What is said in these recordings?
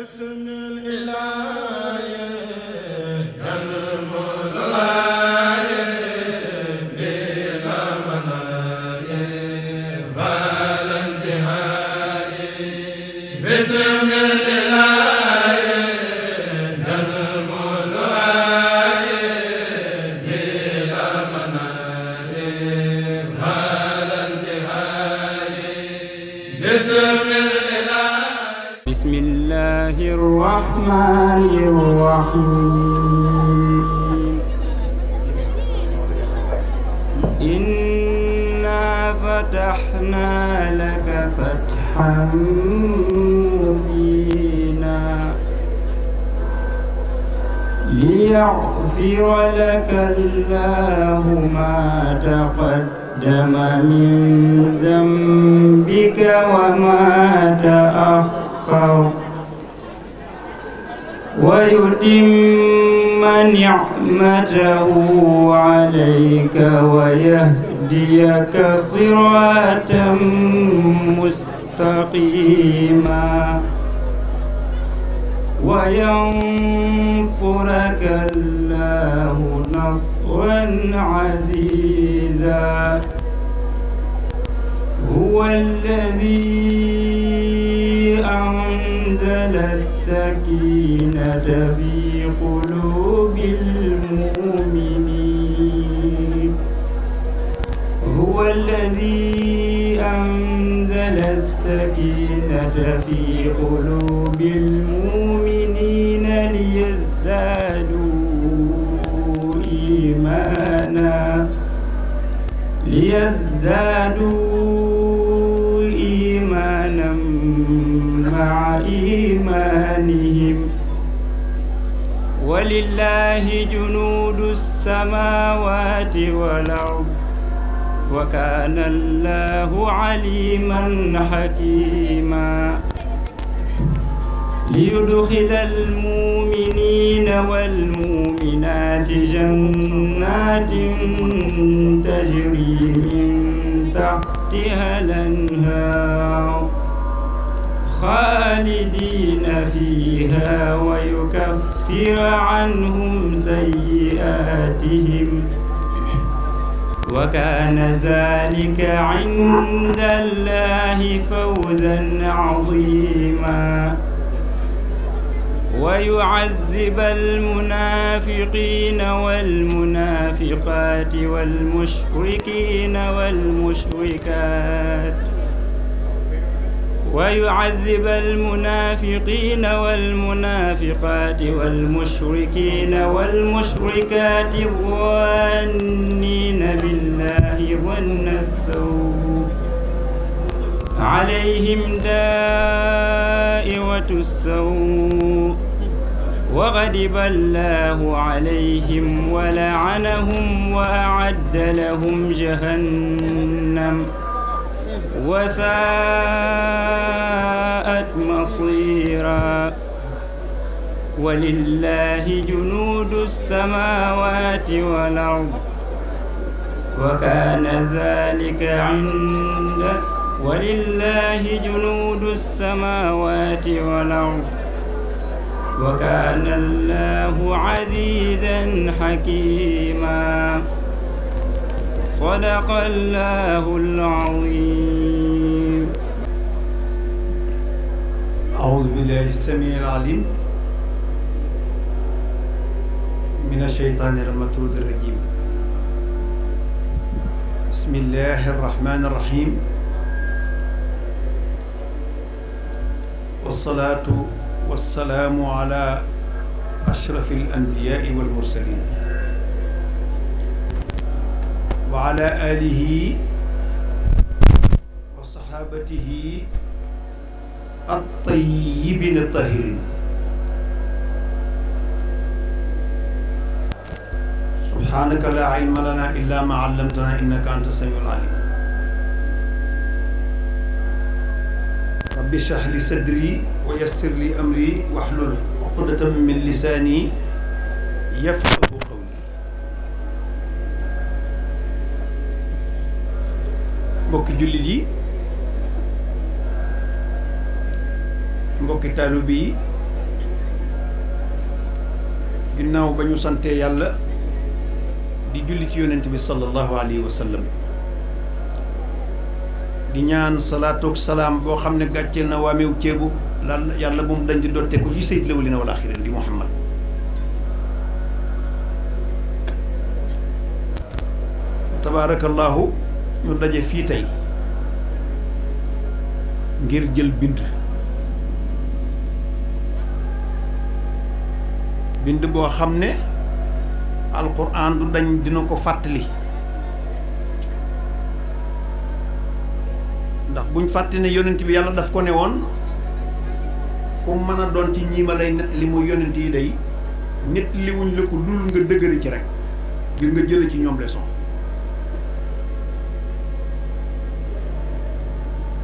باسم الإله ليغفر لك الله ما تقدم من ذنبك وما تأخر ويتم نعمته عليك ويهديك صراطا مستقيما وينصرك الله نصرا عزيزا هو الذي أنزل السكينة في قلوب المؤمنين هو الذي أنزل السكينة في قلوب المؤمنين ليزدادوا ليزدادوا إيمانا مع إيمانهم ولله جنود السماوات والأرض وكان الله عليما حكيما ليدخل المؤمنين والمؤمنات جنات من تحتها الأنهار خالدين فيها ويكفر عنهم سيئاتهم وكان ذلك عند الله فوزا عظيما ويعذب المنافقين والمنافقات والمشركين والمشركات ويعذب المنافقين والمنافقات والمشركين والمشركات الظانين بالله ظن السوء عليهم دائوة السوء وغضب الله عليهم ولعنهم وأعد لهم جهنم وساءت مصيرا ولله جنود السماوات والأرض وكان ذلك عند ولله جنود السماوات والأرض وكان الله عزيزا حكيما صدق الله العظيم أعوذ بالله السميع العليم من الشيطان المطرود الرجيم بسم الله الرحمن الرحيم والصلاة wassalaamu ala ashrafi al anbiyaai wal mursalin wa ala alihi wa saxaabatihi al tayyibin al tahirin subhaanaka laa ilma lanaa illaa maa allamtanaa innaka anta samiul aliim rabbi shrah li sadri wa yassir li amri wahlul uqdatan min lisaani yafqahu qawli mbokki jullit yi mbokki taalibe yi ginnaaw ba ñu santee yàlla di julli ci yonent bi sallallahu alayhi wa di ñaan salaatu salaam boo xam ne gàcceel na waa meew ceebu lan yàlla bu mu dañ di dotte ko ci sayid lawalina wal axirin di muhammad tabaarakallaahu ñu daje fii tey ngir jël bind bind boo xam ne alquran du dañ dina ko fàttali buñ fàtte ne yonent bi yàlla daf ko ne woon ku mën a doon ci ñii ma lay nett li muy yonent yi day nett li wuñ la ko lul nga dëgëri ci rek ngir nga jële ci ñoom leçon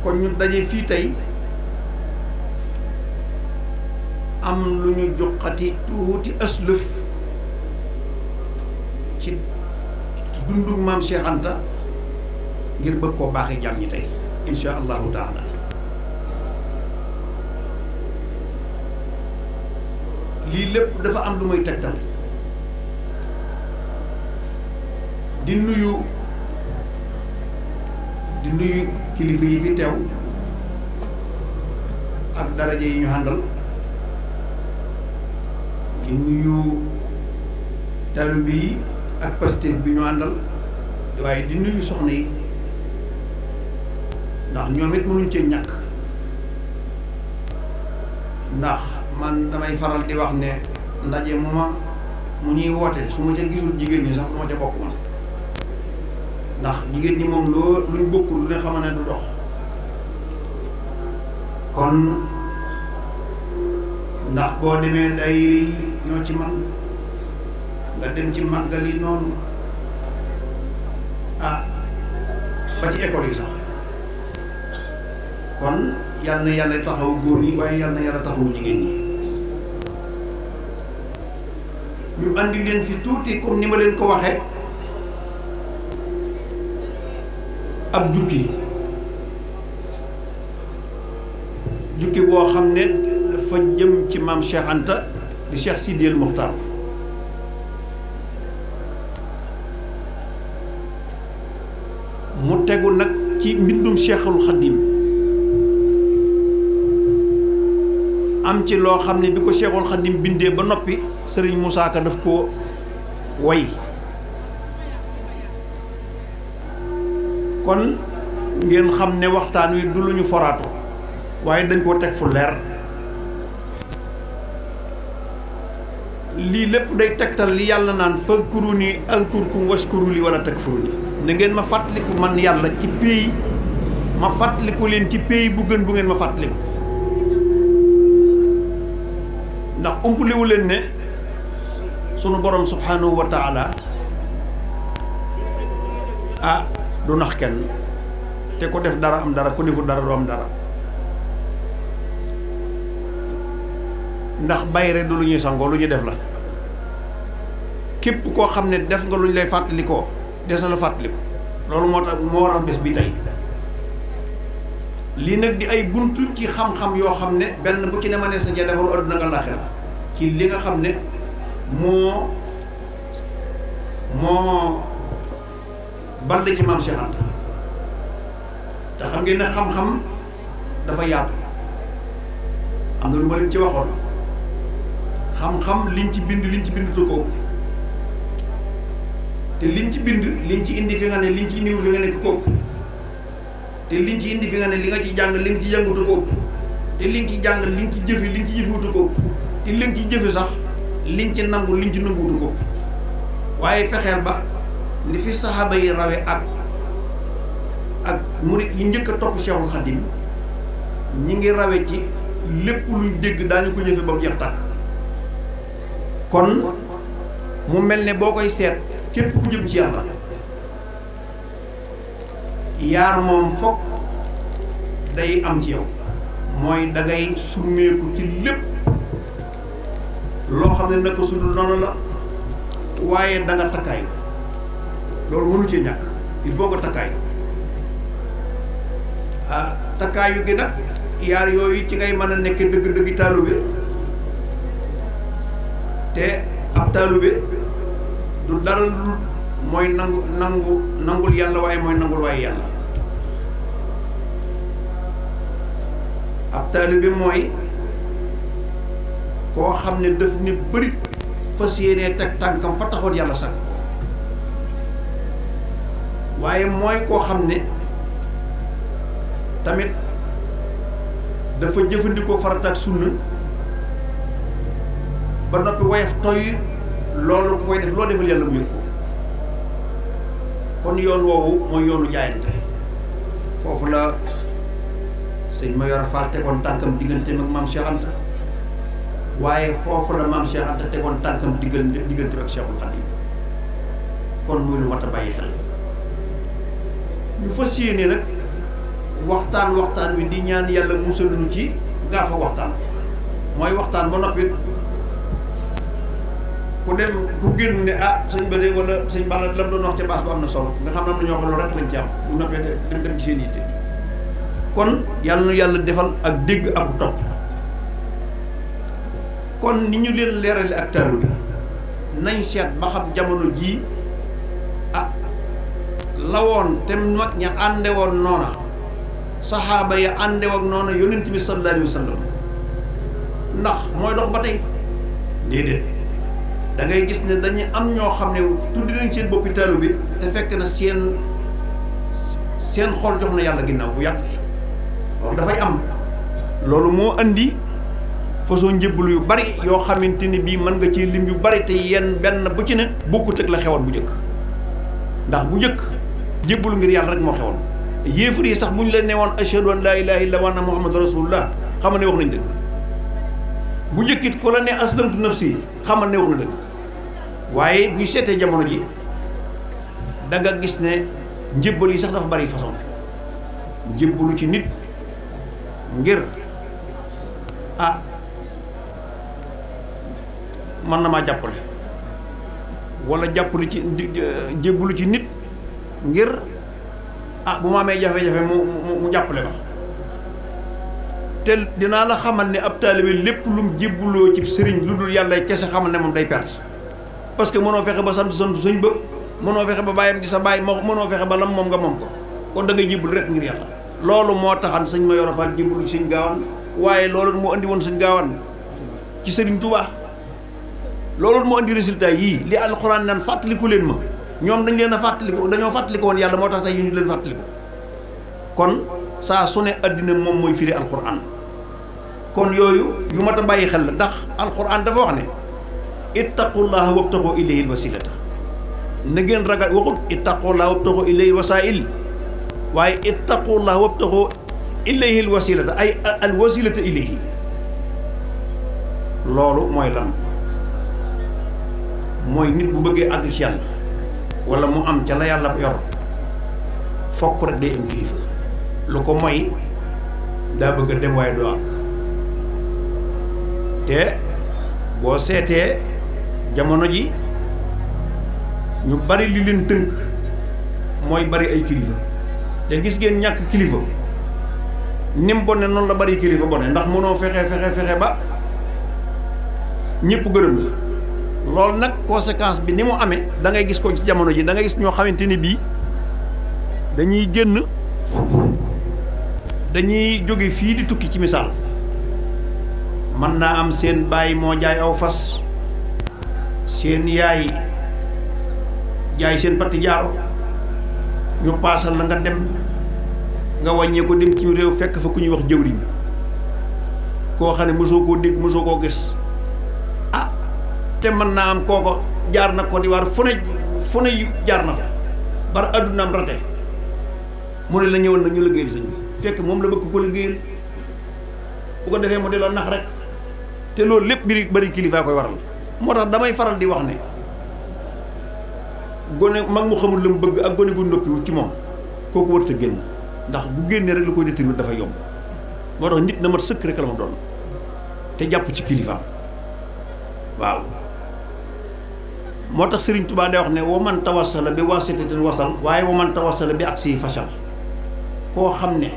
kon ñu daje fii tey am lu ñu joxati tuuti aslëf ci dundu maam Cheikh Anta ngir bëgg koo baaxee jàmm ñi tey insha allahu taala lii lépp dafa am lu may tegtal di nuyu di nuyu kilifa yi fi teew ak daraja yi ñu àndal di nuyu taalibe yi ak Pastef bi ñu àndal waaye di nuyu soxna yi ndax ñoom it mënuñ cee ñàkk ndax man damay faral di wax ne ndaje mu ma mu ñuy woote su ma ca gisul jigéen ñi sax du ma ca bokk man ndax jigéen ñi moom loo luñ bokkul lu ne xam ne du dox kon ndax boo demee daayira ñoo ci man nga dem ci màggal yi noonu ah ba ci école yi sax kon yal na yàlla taxaw góor ñi waaye yal na yàlla taxaw jigéen ñi ñu andi leen fi tuuti comme ni ma leen ko waxe ab jukki jukki boo xam ne dafa jëm ci maam Cheikh Anta di Cheikh Sidi El mu tegu nag ci mbindum Cheikhul Khadim am ci loo xam ne bi ko Cheikhul Khadim bindee ba noppi sëriñ Moussa Ka daf ko way kon ngeen xam ne waxtaan wi du lu ñu foraatu waaye dañ koo teg fu leer lii lépp day tegtal li yàlla naan fazkuruni azkurkum washkuru li wala fu na ngeen ma fàttaliku man yàlla ci pays ma fàttaliku leen ci pays bu gën bu ngeen ma fàttaliku ndax umpale leen ne sunu borom subhanahu wa taala ah du nax kenn te ku def dara am dara ku deful dara du am dara ndax bayre du lu ñuy sangoo lu ñu def la képp koo xam ne def nga lu ñu lay fàttalikoo des na la fàttaliku loolu moo tax moo waral bés bi tey lii nag di ay buntu ci xam-xam yoo xam ne benn bu ci ne ma ne sa ja defaru àdduna nga laaxira ci li nga xam ne moo moo band ci maam Cheikh Anta te xam ngeen ne xam-xam dafa yaatu am na lu ma leen ci waxoon xam-xam liñ ci bind liñ ci bind tu ko te liñ ci bind liñ ci indi fi nga ne liñ ci indi fi nga liñ ci indi fi nga ne li nga ci jàng liñ ci jàngutu ko te liñ ci jàng liñ ci jëfi liñ ci jëfiwutu ko te liñ ci jëfe sax liñ ci nangu liñ ci nangu ko waaye fexeel ba li fi saxaaba yi rawe ak ak murit yi njëkk a topp Cheikhul Khadim ñi ngi rawe ci lépp luñ dégg daañu ko jëfe ba mu jeex tàkk kon mu mel ni boo koy seet képp ku jëm ci yàlla yaar moom fokk day am ci yow mooy dangay summeeku ci lépp loo xam ne naka lu noonu la waaye danga nga takkaay loolu mënu cee ñàkk il faut nga takkaay ah takkaayu gi nag yaar yooyu ci ngay mën a nekk dëgg-dëgg taalibe te ab taalibe du dara lu mooy nangu nangu nangul yàlla waaye mooy nangul waaye yàlla ab taalibe mooy koo xam ne daf ne bëri fas yéenee teg tànkam fa taxoon yàlla sàkk waaye mooy koo xam ne tamit dafa jëfandikoo farata ak sunna ba noppi woyof toy loolu ku koy def loo defal yàlla mu yëg ko kon yoon woowu mooy yoonu jaayante foofu la sëñ ma yor a faal tegoon tànkam digganteem ak maam Cheikh waaye foofu la maam Cheikh Anta tegoon tànkam diggante diggante ak Cheikhul Khadim kon muy lu mat a bàyyi xel ñu fas yéene nag waxtaan waxtaan wi di ñaan yàlla musaluñu ci gaafa waxtaan mooy waxtaan ba noppi ku dem ku génn ne ah sëñ ba de wala sëñ Balla la mu doon wax ca baas bu am na solo nga xam ne am ñoo ko rek lañ ci am bu noppee dem dem ci seen yitte kon yàlla nu yàlla defal ak dégg ak topp kon ni ñu leen leerale ak talu nañ seet ba xam jamono jii ah, la woon te mag ña ànde woon noona saxaaba ya ànde woon noona yonent bi sallallahu alayhi wa ndax mooy dox ba tey déedéet dangay gis ne dañu am ñoo xam ne tudd nañ seen boppi talu bi te fekk na seen seen xol jox na yàlla ginnaaw bu yàq loolu dafay am loolu moo andi façon njëbbalu yu bari yoo xamante ni bii mën nga ci lim yu bari te yenn benn bu ci ne bokkut ak la xewoon bu njëkk ndax bu njëkk jébbalu ngir yàlla rek moo xewoon yéefar yi sax bu ñu leen ne woon ashhadu an laa ilaaha illa wa anna muhammadan rasulullah xamal ne wax nañ dëgg bu njëkkit ku la ne aslamtu nafsi xamal ne wax na dëgg waaye buy seetee jamono ji danga gis ne njébbal yi sax dafa bari façon njébbalu ci nit ngir mën na maa jàppale wala jàppale ci jébbalu ci nit ngir ah bu ma amee jafe-jafe mu mu jàppale ma te dinaa la xamal ni ab taalibe lépp lum jébbaloo ci sëriñ lu dul yàlla kese xamal ne moom day perte parce que mënoo fexe ba sant sant suñ bëpp mënoo fexe ba bàyyam di sa bàyyi moo mënoo fexe ba lam moom nga moom ko kon da ngay jébbal rek ngir yàlla loolu moo taxan sañ ma yoro faal jébbalu ci sëñ waaye loolu moo indi woon sëñ gaawan ci sëriñ Tuubaa loolu moo indi résultat yii li alxuraan naan fàttaliku leen ma ñoom dañ leen a fàttaliku dañoo fàttaliku woon yàlla moo tax yu ñu leen fàttaliku kon saa su ne àddina moom mooy firi alxuraan kon yooyu yu mat a bàyyi xel la ndax alxuraan dafa wax ne ittaqullaha wabtaxoo ilayhi alwasilata na ngeen ragal waxut ittaqullaha wabtaxoo ilayhi wasail waaye ittaqullaha wabtaxoo ilayhi alwasilata ay alwasilata ilayhi loolu mooy lan mooy nit bu bëggee àgg ci yàlla wala mu am ca la yàlla yor fokk rek day am kilifa lu ko moy daa bëgg a dem waaye doo am te boo seetee jamono ji ñu bari li leen tënk mooy bari ay kilifa te gis ngeen ñàkk kilifa ni mu bone noonu la bari kilifa bone ndax mënoo fexe fexe fexe ba ñépp gërëm la loolu nag conséquence bi ni mu amee da ngay gis ko ci jamono ji dangay gis ñoo xamante ni bii dañuy génn dañuy jóge fii di tukki ci misaal mën naa am seen baay moo jaay aw fas seen yaay jaay seen patti jaaro ñu paasal la nga dem nga wàññee ko dem ci réew fekk fa ku ñuy wax jëwriñ koo xam ne mosoo koo dégg mosoo koo gis te mën naa am kooko jaar na Côte d'Ivoire fu ne fu ne jaar na fa bar addunaam rate mu ne la ñëwal nag ñu liggéeyal sëñ bi fekk moom la bëgg ko liggéeyal bu ko defee mu di la nax rek te loolu lépp biri bari kilifaa koy waral moo tax damay faral di wax ne gone mag mu xamul la mu bëgg ak gone gu noppiwu ci moom kooku warut a génn ndax bu génnee rek lu koy déterminer dafa yomb moo tax nit na mat sëkk rek la ma doon te jàpp ci kilifaam waaw moo tax Serigne Touba day wax ne wa man tawassala bi wasitatin wasal waaye wa man tawassala bi ak si fasal koo xam ne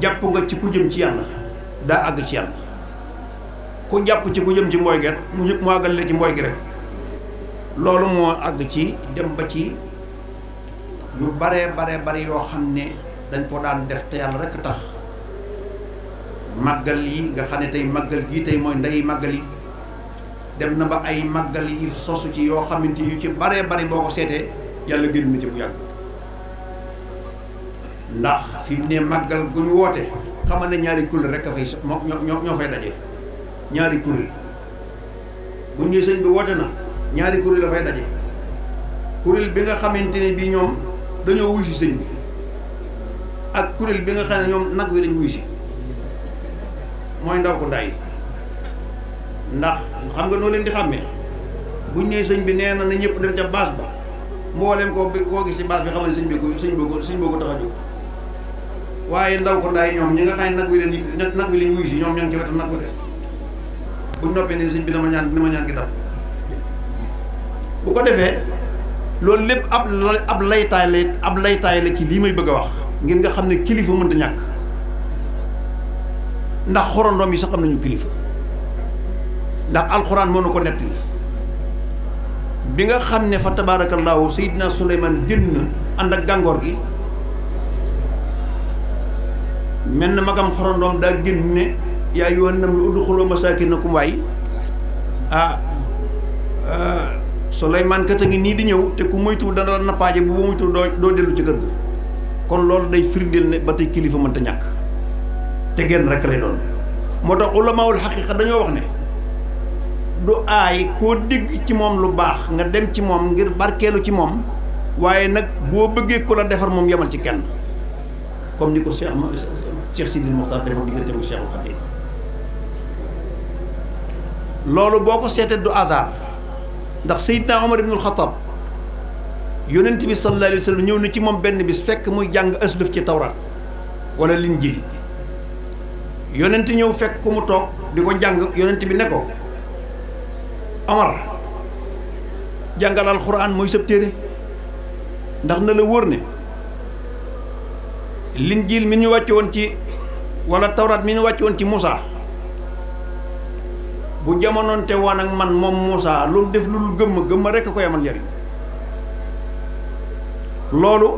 jàpp nga ci ku jëm ci yàlla daa àgg ci yàlla ku jàpp ci ku jëm ci mbooy gi rek mu ñëpp mu àggal ci mbooy gi rek loolu moo àgg ci dem ba ci yu baree bare bari yoo xam ne dañ ko daan def te yàlla rek tax màggal yi nga xam ne tey màggal gii tey mooy ndey màggal yi dem na ba ay màggal yi sosu ci yoo xamante yu ci baree bari boo ko seetee yàlla génn na ci bu yàgg ndax fi mu ne màggal gu ñu woote xamal ne ñaari kuréel rek a fay moo ñoo ñoo fay daje ñaari kuréel bu ñu sëñ bi woote na ñaari kuréel la fay daje kuréel bi nga xamante ne bii ñoom dañoo wuy si sëñ bi ak kuréel bi nga xam ne ñoom nag wi lañ wuy si mooy ndaw ko nday ndax xam nga noo leen di xàmmee buñ nee sëñ bi nee na na ñëpp dem ca baas ba mbooleem koo koo gis si baas bi xamal ne sëñ bi ko sëñ bi ko sëñ ko tax a waaye ndaw ko ndaay ñoom ñi nga xam ne nag wi leen nag wi leen wuyu si ñoom ñoo ngi ci sëñ bi dama ñaan dama ñaan gi dab ko defee loolu lépp ab ab laytaay la ab laytaay la ci lii may bëgg a wax ngir nga xam ne kilifa mënta ñàkk ndax xorondoom yi sax xam nañu kilifa ndax alxuraan moo nu ko nett bi nga xam ne fa tabaarakallaahu Seydina Souleymane génn ànd ak gàngoor gi mel na magam xorondoom daa génn ne yaa ayyuhan namlu udxuluu masaakinakum waay ah Souleymane kat a ngi nii di ñëw te ku moytuwul dana la nappaaje bu ba moytuwul doo doo dellu ci kër ga kon loolu day firndeel ne ba tey kilifa mënta ñàkk te genn rek lay doon moo tax ulamaawul xaqiiqa dañoo wax ne. du aay koo dégg ci moom lu baax nga dem ci moom ngir barkeelu ci moom waaye nag boo bëggee ku la defar moom yamal ci kenn comme ni ko Cheikh ma Cheikh Sidil Mokhtar defoon diggante mu Cheikhul Khadim loolu boo ko seetee du hasard ndax Seydina Omar ibnul Xattaab yonent bi sa alayhi sa sallam ñëw na ci moom benn bis fekk muy jàng aslëf ci tawraat wala liñ ji yonent ñëw fekk ku mu toog di ko jàng yonent bi ne ko Omar jàngal alxuraan mooy sëb téere ndax na la wóor ne linjiil mi ñu wàcce woon ci walla tawraat mi ñu wàcce woon ci Moussa bu jamonoonte woon ak man moom Moussa loolu def lu dul gëmm gëmm rekk a koy amal njariñ loolu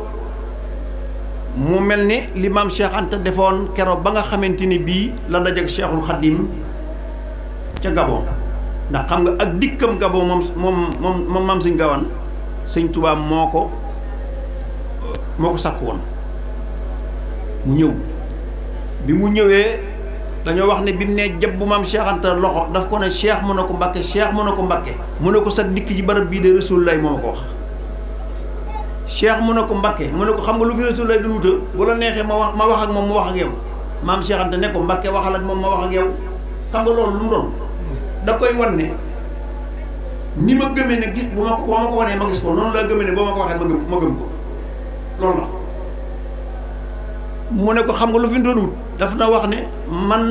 mu mel ni li maam Cheikh defoon keroog ba nga xamante ni bii la dajeek Cheikhul Khadim ca Gabon ndax xam nga ak dikkam Gabon moom moom moom maam sëñ Gawane sëñ tubaab moo ko moo ko sàkk woon mu ñëw bi mu ñëwee dañoo wax ne bi mu nee jëb bu maam Cheikh Anta loxo daf ko ne Cheikh mu ne ko Mbàkke Cheikh mu ne ko Mbàkke mu ne ko sag dikk ji barab bii de Rasulullah moo ko wax mu ne ko Mbàkke mu ne ko xam nga lu fi Rasulullah du wuta bu la neexee ma wax ma wax ak moom mu wax ak yow maam Cheikh Anta ne ko Mbàkke waxal ak moom ma wax ak yow xam nga loolu lu mu doon da koy wan ne ni ma gëmee ne gis bu ma ko ma ko wanee ma gis ko noonu laa gëmee ne boo ma ko waxee ma gëm ma ko loolu la mu ne ko xam nga lu fi doon wut daf na wax ne man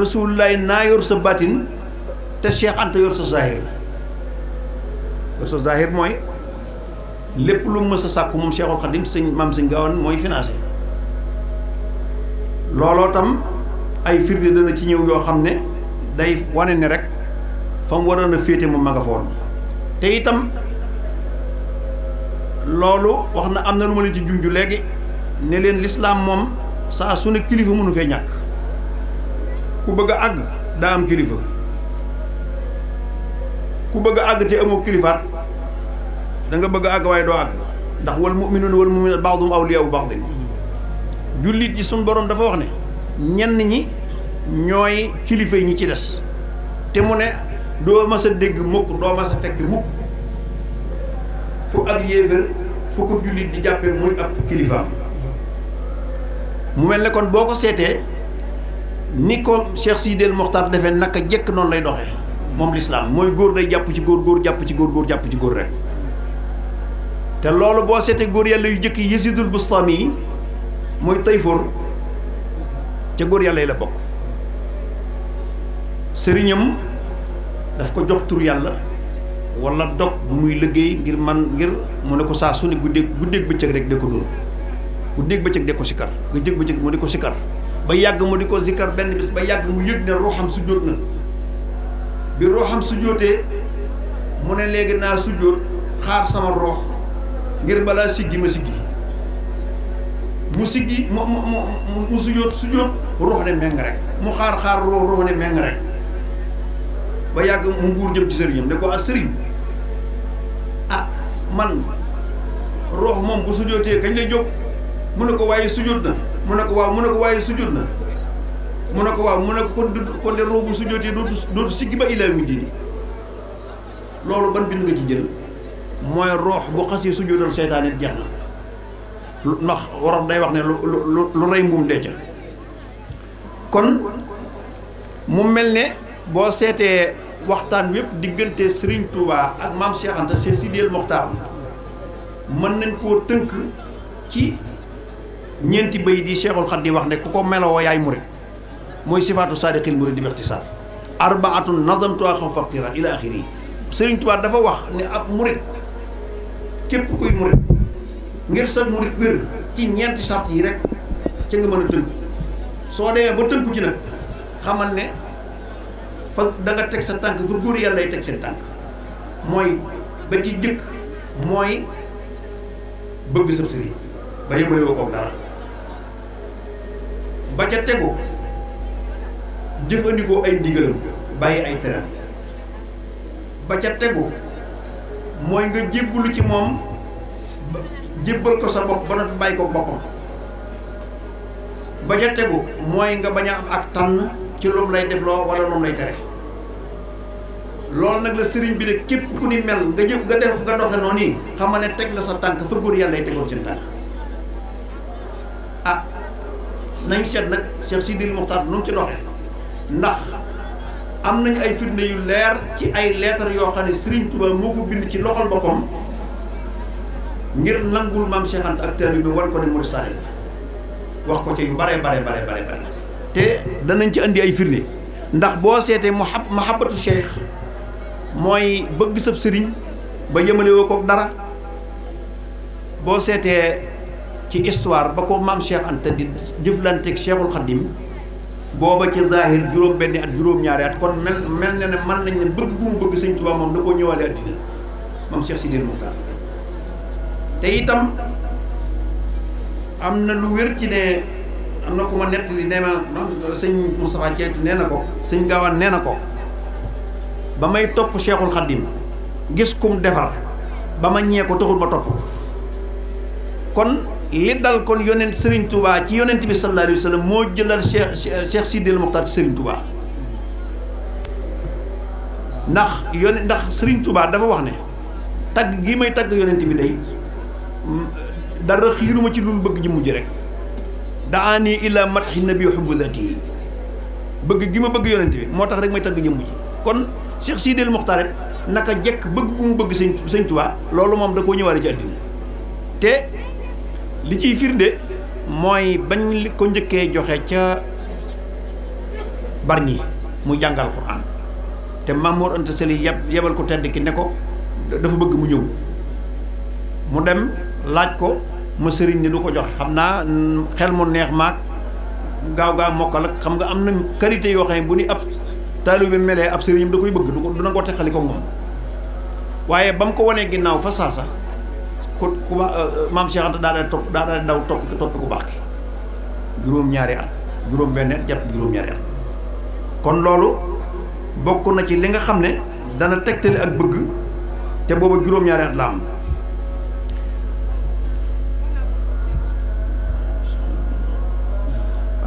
rasulullaay naa yor sa batin te Cheikh Anta yor sa zahir yor sa zahir mooy lépp lu mës a sàkku moom Cheikhul Khadim sëñ maam sëñ Gawane mooy financé looloo tam ay firnde dana ci ñëw yoo xam ne day wane ne rek fa mu waroon a féete moom ma nga foon te itam loolu wax na am na lu ma leen ci junju léegi ne leen lislaam moom saa su ne kilifa mënu fee ñàkk ku bëgg àgg daa am kilifa ku bëgg àgg te amoo kilifaat danga nga bëgg a àgg waaye doo àgg ndax wal mu'minuuna wal mu'minaat ba'duhum awliyaa'u ba'din mm-hmm. jullit yi suñ boroom dafa wax ne ñenn ñi ñooy kilifa yi ñu ci des te mu ne doo mas a dégg mukk doo mas a fekk mukk fu ab yéefér fu ko jullit di jàppee muy ak kilifaam mu mel ne kon boo ko seetee ni ko Cheikh Sidel Mokhtar defee naka jekk noonu lay doxe moom lislaam mooy góor day jàpp ci góor góor jàpp ci góor góor jàpp ci góor rek te loolu boo seetee góor yàlla yu jëkk Yasidul Bustami yi mooy Tayfur ca góor yàlla yi la bokk sëriñam daf ko jox tur yàlla wala dog bu muy liggéey ngir man ngir mu ne ko saa su ne guddeeg guddeeg bëccëg rek de ko dóor guddeeg bëccëg de ko sikkar guddeeg bëccëg mu di ko sikkar ba yàgg mu di ko sikkar benn bis ba yàgg mu yëg ne ruuxam su jóot na bi ruuxam su jóotee mu ne léegi naa su jóot xaar sama ruux ngir balaa siggi ma siggi mu siggi mu mu mu mu su jóot su jóot ne meng rek mu xaar xaar ruux ruux ne meng rek ba yàgg mu nguur jëm ci sëriñam ne ko ah sëriñ ah man roox moom bu sujootee kañ lay jóg mu ne ko waaye sujut na mu ne ko waaw mu ne ko waaye sujut na mu ne ko waaw mu ne ko kon kon de roox bu sujootee dootu dootu ba ilaa mi loolu ban bind nga ci jël mooy roox bu xasee sujootal seytaane jeex na ndax waroon day wax ne lu lu lu rey mbuum dee ca kon mu mel ne boo seetee waxtaan wépp diggante Serigne Touba ak maam Cheikh Anta Cheikh Sidil Mokhtar mën nañ koo tënk ci ñeenti bay di Cheikhul di wax ne ku ko meloo yaay murid mooy sifaatu saadiqil murid di bixtisaar arbaatun nazamtuha xam faqtira ila axiri Serigne Touba dafa wax ne ab murid képp kuy murid ngir sa murid wér ci ñeenti sart yi rek ca nga mën a tënk soo demee ba tënku ci nag xamal ne fa danga teg sa tànk fa góor yàlla lay teg seen tànk mooy ba ci jëkk mooy bëgg sab sëriñ ba yëmale woo koog dara ba ca tegu jëfandikoo ay ndigalam bàyyi ay teram ba ca tegu mooy nga jébbalu ci moom jébbal ko sa bopp ba noppi bàyyi ko boppam ba ca tegu mooy nga bañ a am ak tànn ci lum lay defloo wala lum lay tere loolu nag la sëriñ bi ne képp ku ni mel nga jëf nga def nga doxe noonu yi xam nga ne teg nga sa tànk fa góor yàlla yi tegoon seen tànk ah nañ seet nag Cheikh Sidil Muxtaar nu mu ci doxe ndax am nañu ay firnde yu leer ci ay leetar yoo xam ne Sëriñ Tuubaa moo ko bind ci loxol boppam ngir nangul maam Cheikh ak taalibe bi war ko ne murid saalih wax ko ci yu bare bare bare bare bare te danañ ci indi ay firnde ndax boo seetee mu mahabbatu Cheikh mooy bëgg sab sëriñ ba yëmale woo kook dara boo seetee ci histoire ba ko maam Cheikh Anta di jëflanteeg Cheikhul Khadim booba ci zahir juróom benni at juróom-ñaari kon mel mel na ne man nañ ne bëgg gu mu bëgg sëñ Tuubaa moom da koo ñëwaale addina maam Cheikh Sidil Muxtaar te itam am na lu wér ci ne am na ku ma nettali nee ma sëñ Moustapha Ceytu nee na ko sëñ Gaawaan nee na ko ba may topp Cheikhul Khadim gis kum defar ba ma ñee ko taxul ma topp kon li dal kon yonent Serigne Touba ci yonent bi sallallahu alayhi wa sallam moo jëlal Cheikh Cheikh Sidil Mokhtar Serigne tubaa ndax yone ndax sëriñ tubaa dafa wax ne tagg gi may tagg yonent bi day dara xiiruma ci lu bëgg ji mujj rek daani ila matxi nabi xubbu dati bëgg gi ma bëgg yonent bi moo tax rek may tagg jëmm ji kon Cheikh Sidil Mokhtar rek naka jekk bëgg gu mu bëgg sëñ sëñ Tuubaa loolu moom da koo ñëwaale ci àddina te li ciy firnde mooy bañ ko njëkkee joxe ca Bargny mu jàngal Alxuraan te Mamour Anta Sali yeb yebal ko tedd ki ne ko dafa bëgg mu ñëw mu dem laaj ko ma sëriñ ni du ko joxe xam naa xel mu neex maag gaaw gaaw mokkal ak xam nga am na qualité yoo xam bu ni ab taalibe melee ab sëriñam da koy bëgg du ko dina ko teqali ko moom waaye ba mu ko wanee ginnaaw fa saasa ku ku euh, euh, maam Cheikh Anta daal topp daal daw topp topp ku baax ki juróom-ñaari at juróom-benn at jàpp juróom-ñaari at kon loolu bokk na ci li nga xam ne dana tegtali ak bëgg te booba juróom-ñaari at la am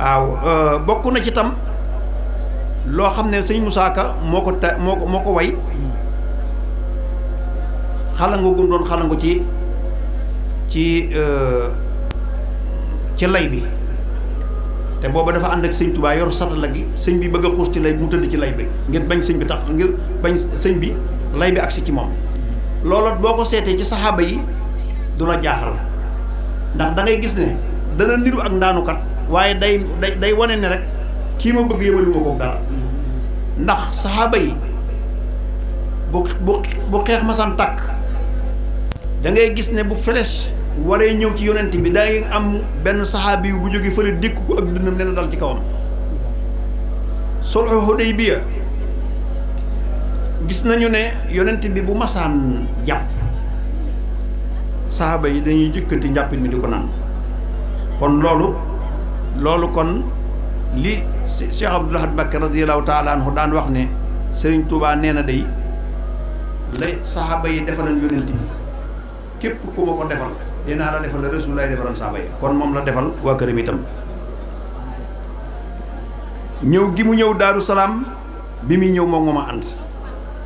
waaw euh, bokk na ci tam loo xam ne sëñ Moussa Ka moo ko ta moo ko moo ko way xalangu gum doon xalangu ci ci euh, ci lay bi te booba dafa ànd ak sëñ Touba yor satala gi sëñ bi bëgg xuus ci lay bi mu tëdd ci lay bi ngir bañ sëñ bi tax ngir bañ sëñ bi lay bi agsi ci moom loolu boo ko seetee ci saxaaba yi du la jaaxal ndax da gis ne dana niru ak ndaanukat waaye day day day wane ne rek kii ma bëgg yëbali ma ko dara ndax saxaaba yi bu bu bu xeex masaan tàkk dangay gis ne bu flèche waree ñëw ci yonent bi day am benn saxaabi yu bu jógee fële dékk ko ak dundam ne na dal ci kawam sulhu Hudaybiya gis nañu ne yonent bi bu masaan jàpp saxaaba yi dañuy jëkkanti njàppit mi di ko naan kon loolu loolu kon li Cheikh Abdoul Ahad Mbacké radiyallahu taala mu daan wax ne sëriñ tubaa nee na day lay saxaaba yi defaloon yonent bi képp ku ma ko defal dinaa la defal la Rasulullaay defaloon saxaaba yi kon moom la defal waa këram itam ñëw gi mu ñëw Daaru Salaam bi muy ñëw moom moo ma ànd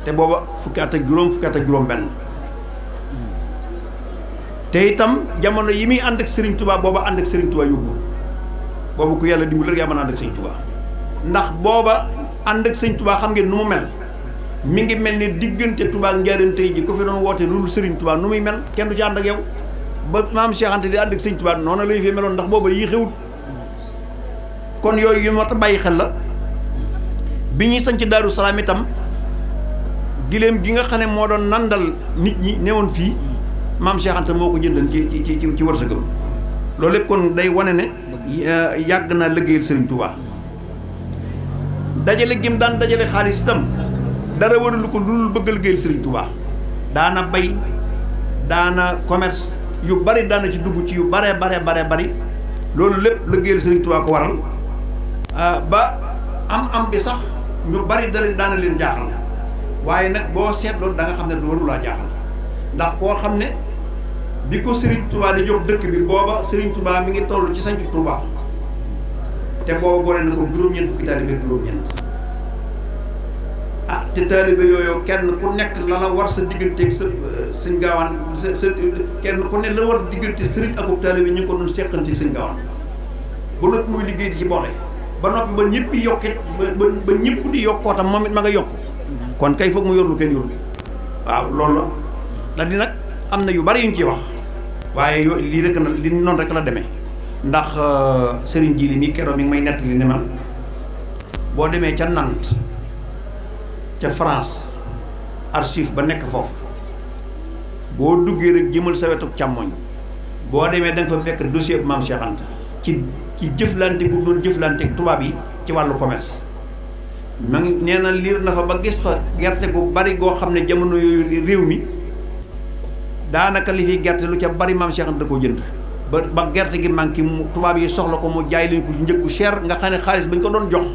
te booba fukki at ak juróom fukki at ak juróom benn te itam jamono yi muy ànd ak Serigne Touba booba ànd ak Serigne Touba yóbbu boobu ku yàlla dimbali rek yaa mën a ànd ak Serigne Touba ndax booba ànd ak sëñ tubaa xam ngeen nu mu mel mi ngi mel ni diggante Touba ak tey ji ku fi doon woote lu dul Serigne nu muy mel kenn du ci ànd ak yow ba maam Cheikh Anta di ànd ak sëñ Touba noonu la ñu fi meloon ndax booba yii xewut yooyu yu mat bàyyi xel la bi ñuy sanc Daaru Salaam itam giléem gi nga xam ne moo doon nandal nit ñi newoon fii maam Cheikh Anta moo ko jëndan ci ci ci ci wërsëgam loolu lépp kon day wane ne yàgg naa liggéeyal Serigne tubaa dajale gim daan dajale xaalis itam dara waralu ko dul bëgg a liggéeyal Serigne Touba daana bay daana commerce yu bari daana ci dugg ci yu bare bare bare bari loolu lépp liggéeyal Serigne Touba ko waral ah, ba am-am bi sax ñu bari da leen daana leen jaaxal waaye nag boo seetloo da nga xam ne du warulaa jaaxal ndax koo xam ne bi ko Serigne Touba di jox dëkk bi booba sëriñ tubaa mi ngi tollu ci sancu Touba. te booba boole na ko juróom-ñeent fukki taalibe ak juróom-ñeent ah te taalibe yooyu kenn ku nekk la la war sa digganteeg sa euh, sëñ gaawaan sa sa kenn ku ne la war diggante sëriñ akub taalibe ñu ko doon seqanteeg sëñ gaawaan ba noppi muy liggéey di ci boole ba noppi ba ñëpp yokkit ba ba ñëpp di yokkootam moom it ma nga yokk kon kay foog mu yor lu kenn yorul waaw loolu la di nag am na yu bari yu ñu ciy wax waaye yooyu lii rek na li noonu rek la demee. ndax euh, Serigne Jili mi keroog mi ngi may nettali ne ma boo demee ca Nantes ca France archive ba nekk foofu boo duggee rek jëmal sa wetu càmmoñ boo demee da nga fa fekk dossier bu maam Cheikh ci ci jëflante gu doon jëflanteeg tubaab yi ci wàllu commerce. ma nee na liir na fa ba gis fa gerte gu bari goo xam ne jamono yooyu réew mi daanaka li fi gerte lu ca bari maam Cheikh da koo jënd. ba gerte gi manqué mu tubaab yi soxla ko mu jaay leen ko ci njëg bu cher nga xam ne xaalis bañ ko doon jox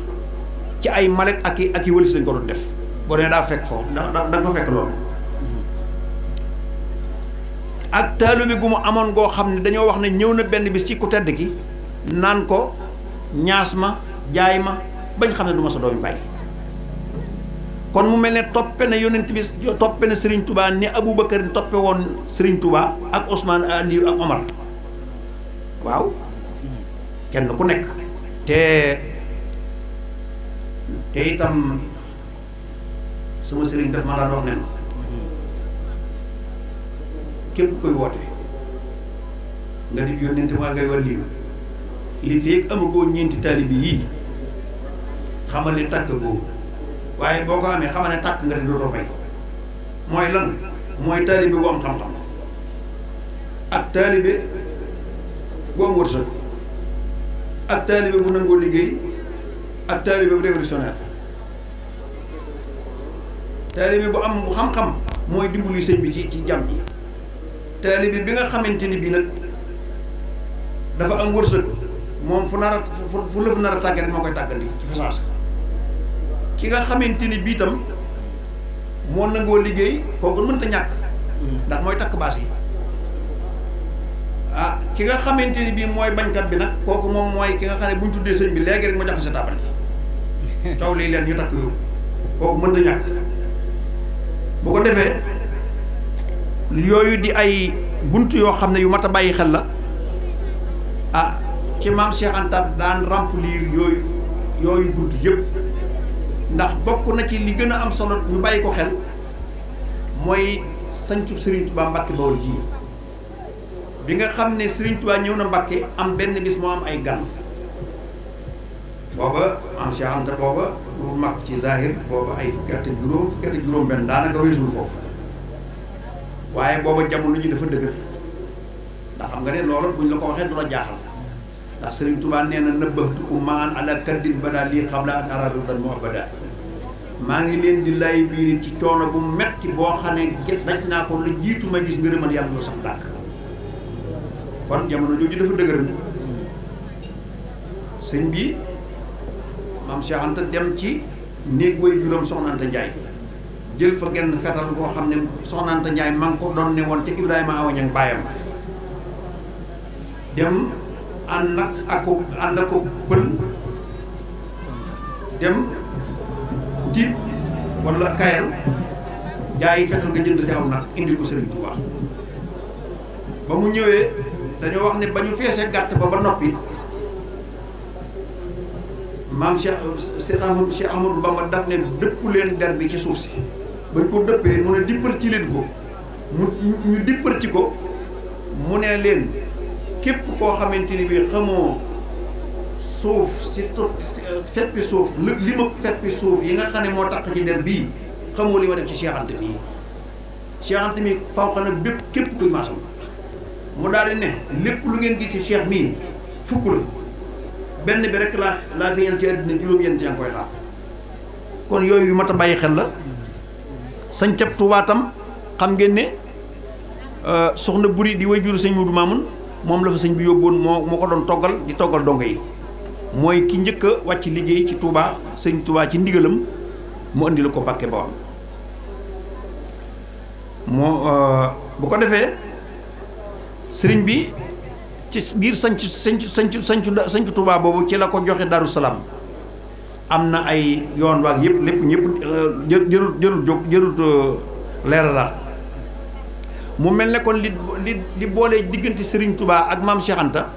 ci ay malet ak yi ak yi wëlis lañ ko doon def boo demee daa fekk foofu da da nga fa fekk loolu. ak taalube gu mu amoon goo xam ne dañoo wax ne ñëw na benn bis ci ku tedd gi naan ko ñaas ma jaay ma bañ xam ne du ma sa doomi bàyyi kon mu mel ne toppe na yonent bi toppe na sëriñ tubaa ni Touba ne Aboubacar toppe woon sëriñ tubaa ak osmaan Aliou ak Omar. waaw kenn ku nekk te te itam sama sëriñ daf ma daan wax ne ma képp koy woote nga di yónnente waa ngay war liiw li feeg amagoo ñeenti taalibi yii xamal ne tàkk boobu waaye boo ko amee xamal ne tàkk nga di dootoo fay mooy lan mooy taalibi bu am xam-xam ak taalibi bu am wërsëg ak taalibe bu nangoo liggéey ak taalibe bu révolutionnaire taalibe bu am bu xam-xam mooy dimbali sëñ bi ci ci jàmm yi taalibe bi nga xamante ni bii nag dafa am wërsëg moom fu nar a fu lëf nar a tàgge rek moo koy tàggandi ci fasaasa ki nga xamante ni bii tam moo nangoo liggéey kooku mënta ñàkk mm. ndax mooy takk baas yi ah ki nga xamante ni bii mooy bañkat bi nag kooku moom mooy ki nga xam ne bu ñu tuddee sëñ bi léegi rek mu joxe sa taabal ji taw lii leen ñu takk yóbbu kooku mën na ñàkk bu ko defee yooyu di ay bunt yoo xam ne yu mat a bàyyi xel la ah ci maam Cheikh Anta daan remplir yooyu yooyu bunt yëpp ndax bokk na ci li gën a am solo ñu bàyyi ko xel mooy sañcu Serigne Touba Mbacke Bawol ji bi nga xam ne Serigne ñëw na Mbakke am benn bis moo am ay gan booba am Cheikh Anta booba lu mag ci zahir booba ay fukki at juróom fukki at juróom benn daanaka weesul foofu waaye booba jamono ji dafa dëgër ndax xam nga ne loolu buñ la ko waxee du la jaaxal ndax Serigne nee na nëbbatu ko maan ba daal lii xam la ak aradu dan moo maa ngi leen di lay biiri ci coono bu metti boo xam ne daj naa ko lu jiitu ma gis ngërëmal yàlla ñoo sax kon jamono jooju dafa dëgër sëñ bi maam Cheikh dem ci néeg way juróom Soxna Anta Ndiaye jël fa genn fetal boo xam ne Soxna Anta Ndiaye maa ngi ko doon ne woon ca Ibrahima Awañang baayam dem ànd ak ak ànd ak pël dem tiib wala kayal jaayi fetal nga jënd ci aw nag indi ko Sëriñ Tuubaa ba mu ñëwee dañoo wax ne ba ñu feesee gàtt ba ba noppi maam Cheikh Cheikh Amadou Cheikh Amadou Bamba daf ne dëpp leen der bi ci suuf si bañ ko dëppee mu ne dippar ci leen ko mu ñu dippar ci ko mu ne leen képp koo xamante ni bi xamoo suuf si tut feppi suuf li ma feppi suuf yi nga xam ne moo taq ci der bii xamoo li ma def ci Cheikh Anta mii Cheikh Anta mii faw xam ne bépp képp kuy maasam mu daal di ne lépp lu ngeen gis ci cheikh mii fukk la benn bi rek laa laa feeñal ci àddina juróom-ñeent yaa ngi koy xaar kon yooyu yu mat a bàyyi xel la sañ cab Tuubaa xam ngeen ne euh, soxna buri di way juru sëñ Mudu Maamun moom la fa sëñ bi yóbboon moo moo ko doon toggal di toggal dongo yi mooy ki njëkk a wàcc liggéey ci tuubaa sëñ Touba ci ndigalam mu indi la ko Mbàkke Bawol moo euh, bu ko defee sëriñ bi ci biir sañc sanc sanc sanc sanc Touba boobu ci la ko joxe Darou Salaam am na ay yoon waag yëpp lépp ñëpp jërut jërut jóg jërut uh, leeralaat mu mel ne kon li li li boole diggante sëriñ tubaa ak maam Cheikh Anta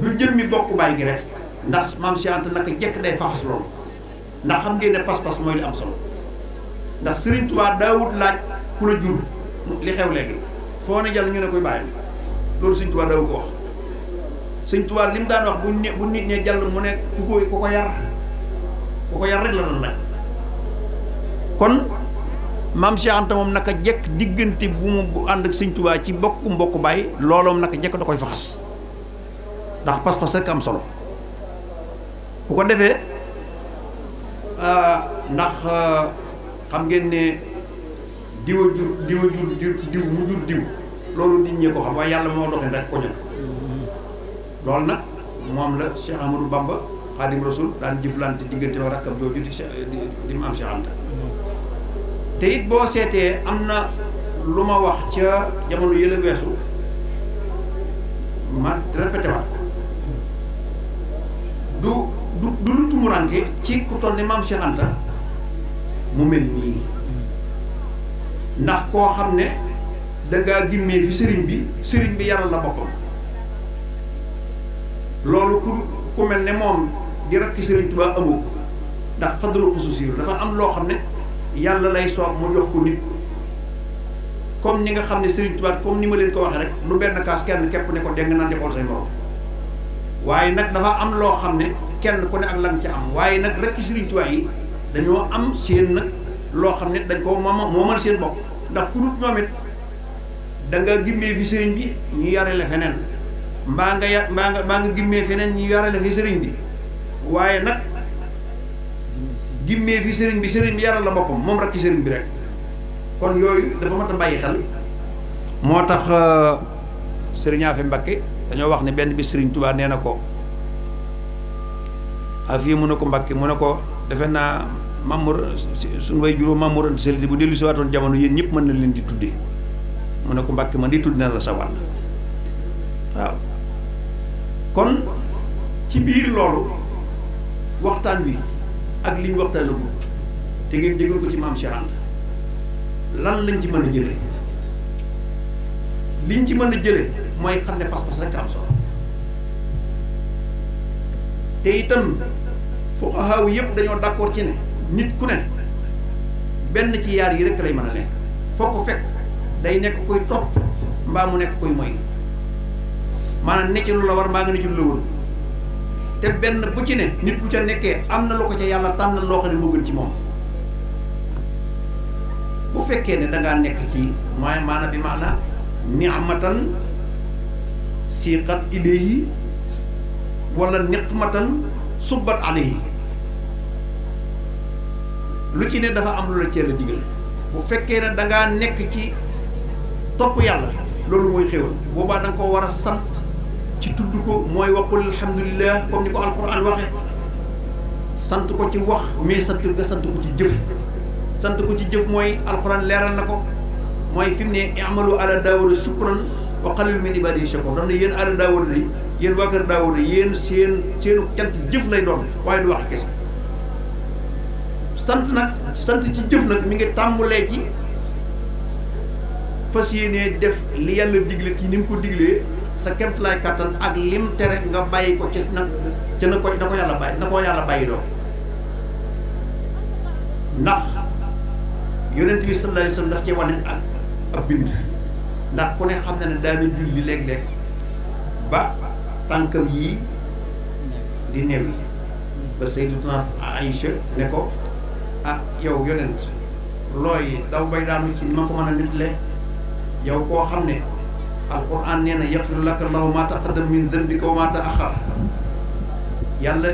du jëmmi bokk baay gi rek ndax maam Cheikh Anta naka jekk day faxas loolu ndax xam ngeen ne pas-pas mooy li am solo ndax sëriñ Touba daawut laaj ku la jur li xew léegi. foo ne jàll ñu ne koy bàyyi loolu sëñ Tuubaa daw ko wax sëñ li mu daan wax bu ne bu nit ne jàll mu ne ku ko ko yar ku ko yar rek la doon laaj kon maam Cheikh Anta moom naka jekk diggante bu mu bu ànd ak sëñ Tuubaa ci bokku mbokku bàyyi looloo moom naka jekk da koy faxas ndax pas-pas rek am solo bu ko defee euh, ndax euh, xam ngeen ne diwa jur diwa jur diw mu jur diw loolu nit ñi ko xam waaye yàlla moo doxin rek ko ñun loolu nag moom la Cheikh Amadou Bamba Xaadim Rasul daan jëflante diggante ak rakkam jooju di di maam Cheikh it boo seetee am na lu ma wax ca jamono yële weesu ma répété ci ku toll mu mel nii ndax koo xam ne da ngaa gimmee fi sëriñ bi sëriñ bi yaral la boppam loolu ku ku mel ne moom di rakki sëriñ Tuubaa amu ko ndax fadlu xususiyu dafa am loo xam ne yàlla lay soob mu jox ko nit comme ni nga xam ne sëriñ Tuubaa comme ni ma leen ko waxee rek lu benn kaas kenn képp ne ko dégg naan di xool say morom waaye nag dafa am loo xam ne kenn ko ne ak lan ca am waaye nag rakki sëriñ Tuubaa yi dañoo am seen nag loo xam ne dañ ko moom moomal seen bopp ndax ku dul da nga gimmee fi sëriñ bi ñu yore feneen mbaa nga ya mbaa nga mbaa nga gimmee feneen ñu yore la fi sëriñ bi waaye nag gimmee fi sëriñ bi sëriñ bi yore la boppam moom rek ci sëriñ bi rek kon yooyu dafa mat a bàyyi xel moo tax euh, sëriñ Afe Mbakke dañoo wax ne benn bi sëriñ Tuubaa nee na ko afii mu ne ko mbakki mu ne ko defe naa Mamour suñu way juróom Mamour Anta Sali bu dellu waatoon jamono yéen ñëpp mën na leen di tuddee mu ne ko mbàkke man di tudd na la sa wàll waaw kon ci biir loolu waxtaan wi ak li ñu waxtaanagul te ngeen jégal ko ci maam Cheikh lan lañ ci mën a jëlee liñ ci mën a jële mooy xam ne pas-pas rek am solo te itam fuqahaa yëpp dañoo d'accord ci ne nit ku ne benn ci yaar yi rek lay mën a nekk foo ko fekk. day nekk koy topp mbaa mu nekk koy moy maanaam ne ci lu la war mbaa nga ne ci lu la war te benn bu ci ne nit bu ca nekkee am na lu ko ca yàlla tànnal loo xam ne moo gën ci moom bu fekkee ne dangaa nekk ci mooy maana bi maana yi siqat ilayhi wala subat subbat yi lu ci ne dafa am lu la cee la digal bu fekkee ne dangaa nekk ci topp yàlla loolu mooy xéwal boobaa danga ko koo war a sant ci tudd ko mooy waqul alhamdulillah comme ni ko alquran waxe sant ko ci wax mais sant nga sant ko ci jëf sant ko ci jëf mooy alquran leeral na ko mooy fi mu ne amalu ala daawuda shukran wa qalil min ibadi shakur dam ne yéen ala daawuda de yéen waa kër daawuda yéen seen seenu cant jëf lay doon waaye du wax kese sant nag sant ci jëf nag mi ngi tàmbulee ci fas yéenee def li yàlla digle ci ni mu ko diglee sa kemtalaay kattan ak lim tere nga bàyyi ko ci na ca na ko na ko yàlla bàyyi na ko yàlla bàyyi loo ndax yonent bi sallallahu alayhi wasallam daf ci wane ak ab bind ndax ku ne xam ne daana julli léeg-léeg ba tànkam yi di newi ba sayyidatuna Aïcha ne ko ah yow yonent looy daw bay daanu ci ma ko mën a nit le yow koo xam ne alquran nee na yaxfiru laka allahu ma taqaddam min dambika wa ma taaxar yàlla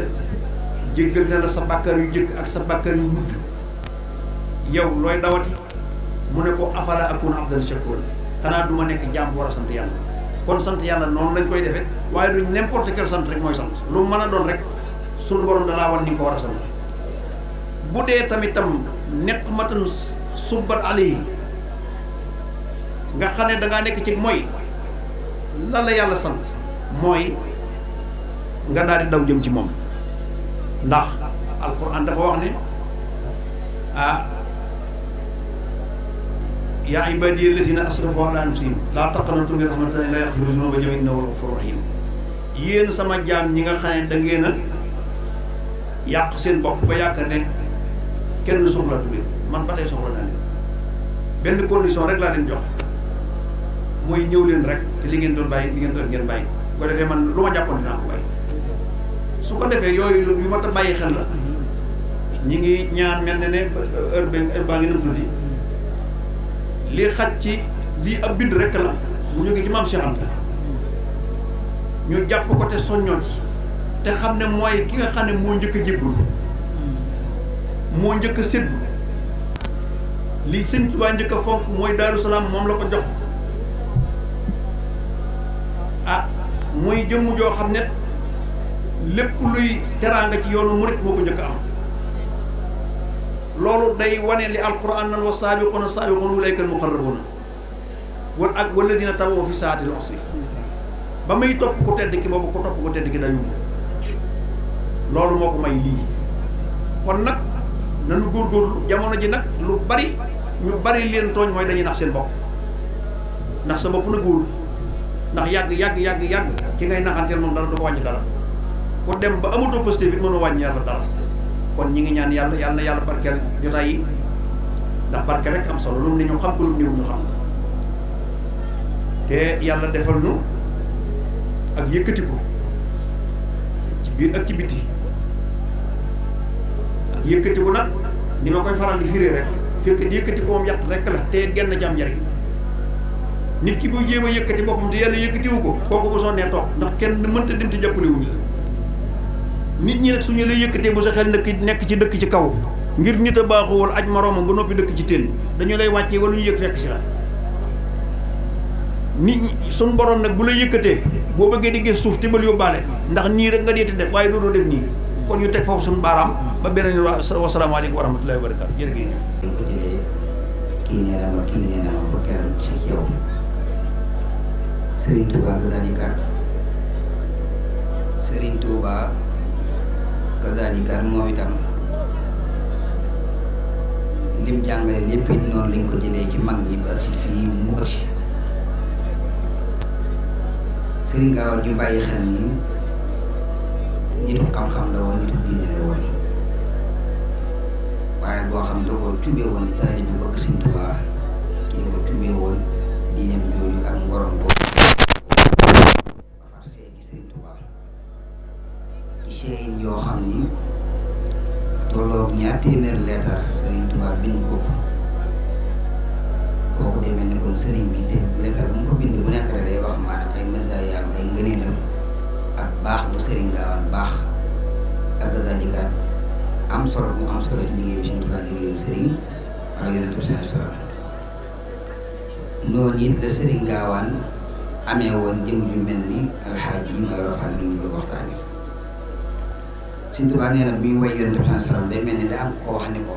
jéggal na la sa bàkkaar yu jëkk ak sa bàkkaar yu mujj yow looy dawati mu ne ko afala akuna abdan shakur xanaa du ma nekk jaam bu war a sant yàlla kon sant yàlla noonu lañ koy defee waaye duñ n'importe quel sant rek mooy sant lu mën a doon rek sunu borom dalaa wan ni ko war a sant bu dee tamit tam neqmatan subbat alayhi nga xam ne dangaa nekk ci mooy lan la yàlla sant mooy nga daal di daw jëm ci moom ndax alquran dafa wax ne ah yaa ibadiya allazina asrafu ala anfusihim laa taqnatu min rahmatillahi laa yaghfiru zunuba jamii'an innahu ghafurur rahim yéen sama jaam ñi nga xam ne dangeen a yàq seen bopp ba yaakaar ne kenn soxlaatu leen man ba tey soxla naa leen benn condition rek laa leen jox mooy ñëw leen rek te li ngeen doon bàyyi li ngeen doon ngeen bàyyi bu ko defee man lu ma jàppoon dinaa ko bàyyi su ko defee yooyu yu ma ta bàyyi xel la ngi ñaan mel ne ne euh, heure ba heure baa ngi nam tuddi li xaj ci lii ab bind rek la mu jóge ci maam Cheikh ñu jàpp ko te soññoo ci te xam ne mooy ki nga xam ne moo njëkk a jébbalu moo njëkk a séddu li sëñ Tuubaa njëkk a fonk mooy Daaru moom la ko jox muy jëmm joo xam ne lépp luy teraanga ci yoonu murit moo ko njëkk am loolu day wane li alquran nan wa saabiquuna saabiquuna ulayka almuqarrabuuna wal ak dina taboo fi saatil usri ba muy topp ku tedd ki boobu ko topp ku tedd ki day loolu moo ko may lii kon nag nanu góor jamono ji nag lu bari ñu bari leen tooñ mooy dañuy nax seen bopp ndax sa bopp na góor ndax yàgg yàgg yàgg yàgg ki ngay naxanteel moom dara du ko wàññi dara ku dem ba amatoo positif it mënoo wàññi yàlla dara kon ñi ngi ñaan yàlla yàlla yàlla barkeel jotaay yi ndax barke rek am solo lu mu ne ñu xam ko lu mu ñu xam te yàlla defal nu ak yëkkati ko ci biir ak ci biti ak yëkkati ko nag ni ma koy faral di firee rek fekk yëkkati ko moom yàtt rek la te genn ci am nit ki buy jéem a yëkkati boppam te yàlla yëkkatiwu ko kooku bu sonnee toog ndax kenn mënta dem te jàppale wuñu la nit ñi nag suñu la yëkkatee bu sa xel nekk nekk ci dëkk ci kaw ngir nit a baaxuwul aj moroomam ba noppi dëkk ci teen dañu lay wàccee wala ñu yëg fekk si la nit ñi suñu borom nag bu lay yëkkatee boo bëggee di gis suuf tibal yóbbaale ndax nii rek nga deeti def waaye doodoo def nii kon ñu teg foofu suñu baaraam ba beneen wasalaamaaleykum wa rahmatullahi wa barakaatu jërëjëf dañ ko jëlee kii nee Serigne Touba kazalika Serigne Touba kazalika moom itam lim jàngale lépp noonu lañ ko jëlee ci mag ñi ak si fii mu ëcc Serigne Gaawaan ñu bàyyi xel ni nitu xam-xam la woon nitu diine la woon waaye boo xam da ko tubee woon taalibe bu bëgg Serigne Touba ñu ko tubee woon diineem jooju ak ngorom boobu téerin yoo xam ni tolloog ñaar téeméer leetar Serigne Touba bind ko kooku day mel ni kon sëriñ bi te leetar bu mu ko bind bu nekk rek day wax maanaam ay masayaam ay ngëneelam ak baax bu sëriñ Gaawaan baax ak daadikaat am solo bu am solo ci liggéey bi Serigne Touba liggéey Serigne ak yonent bi sallallahu alayhi wa noonu it la Serigne Gaawaan amee woon jëm ju mel ni alxaaji yi ma yorofaan mi ngi koy waxtaanee. Sëñ Tuubaa nee na bi ñu woy yonent bi day mel ni daa am ko wax ni ko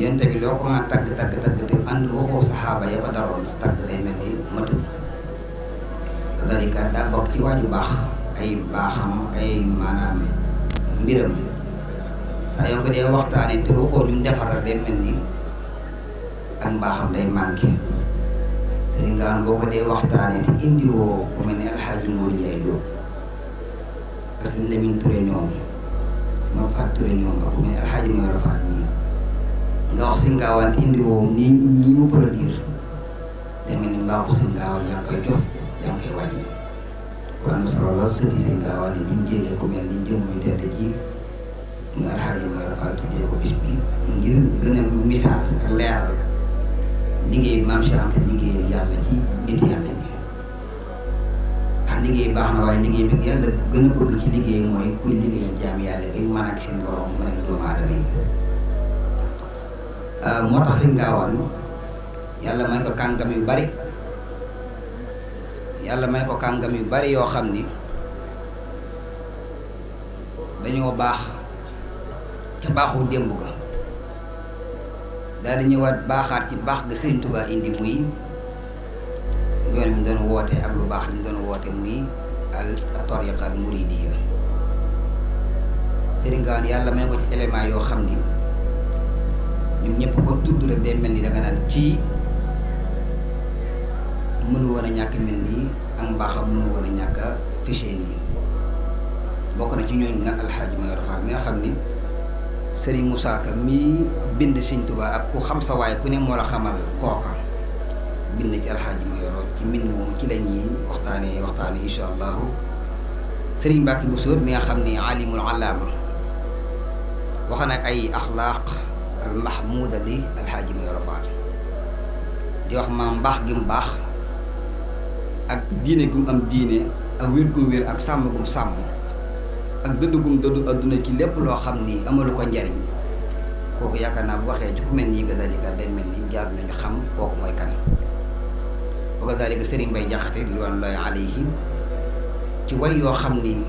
yonent bi loo ko mën tagg tagg tagg te ànd woo saxaaba ya ko daroon sa tagg day mel ni matul kadalika daa bokk ci waaju baaxam ay maanaam mbiram saa yoo ko dee waxtaanee te waxoo luñ defar day mel ni ak mbaaxam day manqué sëriñ Gawane boo ko dee waxtaanee te indiwoo ku mel ni alxaaji Mourou Ndiaye Diop kas Lamine Touré si ma faat Touré ñoom ak may alxaaji mi war a faat ñii nga wax seen gaawaan te indi mu produire demee ni mbaa ko seen gaawaan yaa ngi koy jox yaa kon am solo lool sëti seen gaawaan yi ñu ko mel ni jëm ñu tedd ji mu alxaaji mi war a faat tuddee ko bis bi ngir gën a misaal ak leeral liggéey maam Cheikh Anta liggéeyal yàlla ci nit yàlla liggéey baax na waaye liggéey bi yàlla gën a ci liggéey mooy kuy liggéey jaam yàlla bi mën ak seen borom mën ak doomu aadama yi ah, moo tax sëñ gaawaan yàlla may ko kàngam yu bari yàlla may ko kàngam yu bari yoo xam ni dañoo baax ca baaxu démb ga daal di ñëwaat baaxaat ci baax ga sëñ Tuubaa indi muy yoon mi doon woote ak lu baax li mu doon woote muy al tariqa al muridiya Serigne Gawane yàlla may ko ci élément yoo xam ni ñun ñëpp ko tudd rek day mel ni danga naan ci mënu woon a ñàkk mel nii ak mbaaxam mënu woon a ñàkk a fiché nii bokk na ci ñooñu nag alxaaji Mayoro Fall mi nga xam ni Serigne Moussa Ka mi bind Serigne Touba ak ku xam sa waay ku ne moo la xamal kooka bind ci alxaaji ci mbind moomu ci la ñuy waxtaanee waxtaan wi incha allahu sëriñ Mbàkke Bousso mi nga xam ni alimul allaama wax na ay axlaaq al mahmuuda li alxaaji Mayoro di wax ma mbaax gi mu baax ak diine gu mu am diine ak wér gu mu ak sàmm gu sàmm ak dëdd gu mu dëdd adduna ci lépp loo xam ni amalu ko njariñ kooku yaakaar naa bu waxee ci ku mel nii nga daal di day mel ni jaar nañu xam kooku mooy kan. wa kadalika Serigne Mbaye Jaxate ridwanullahi alayhim ci way yoo xam ni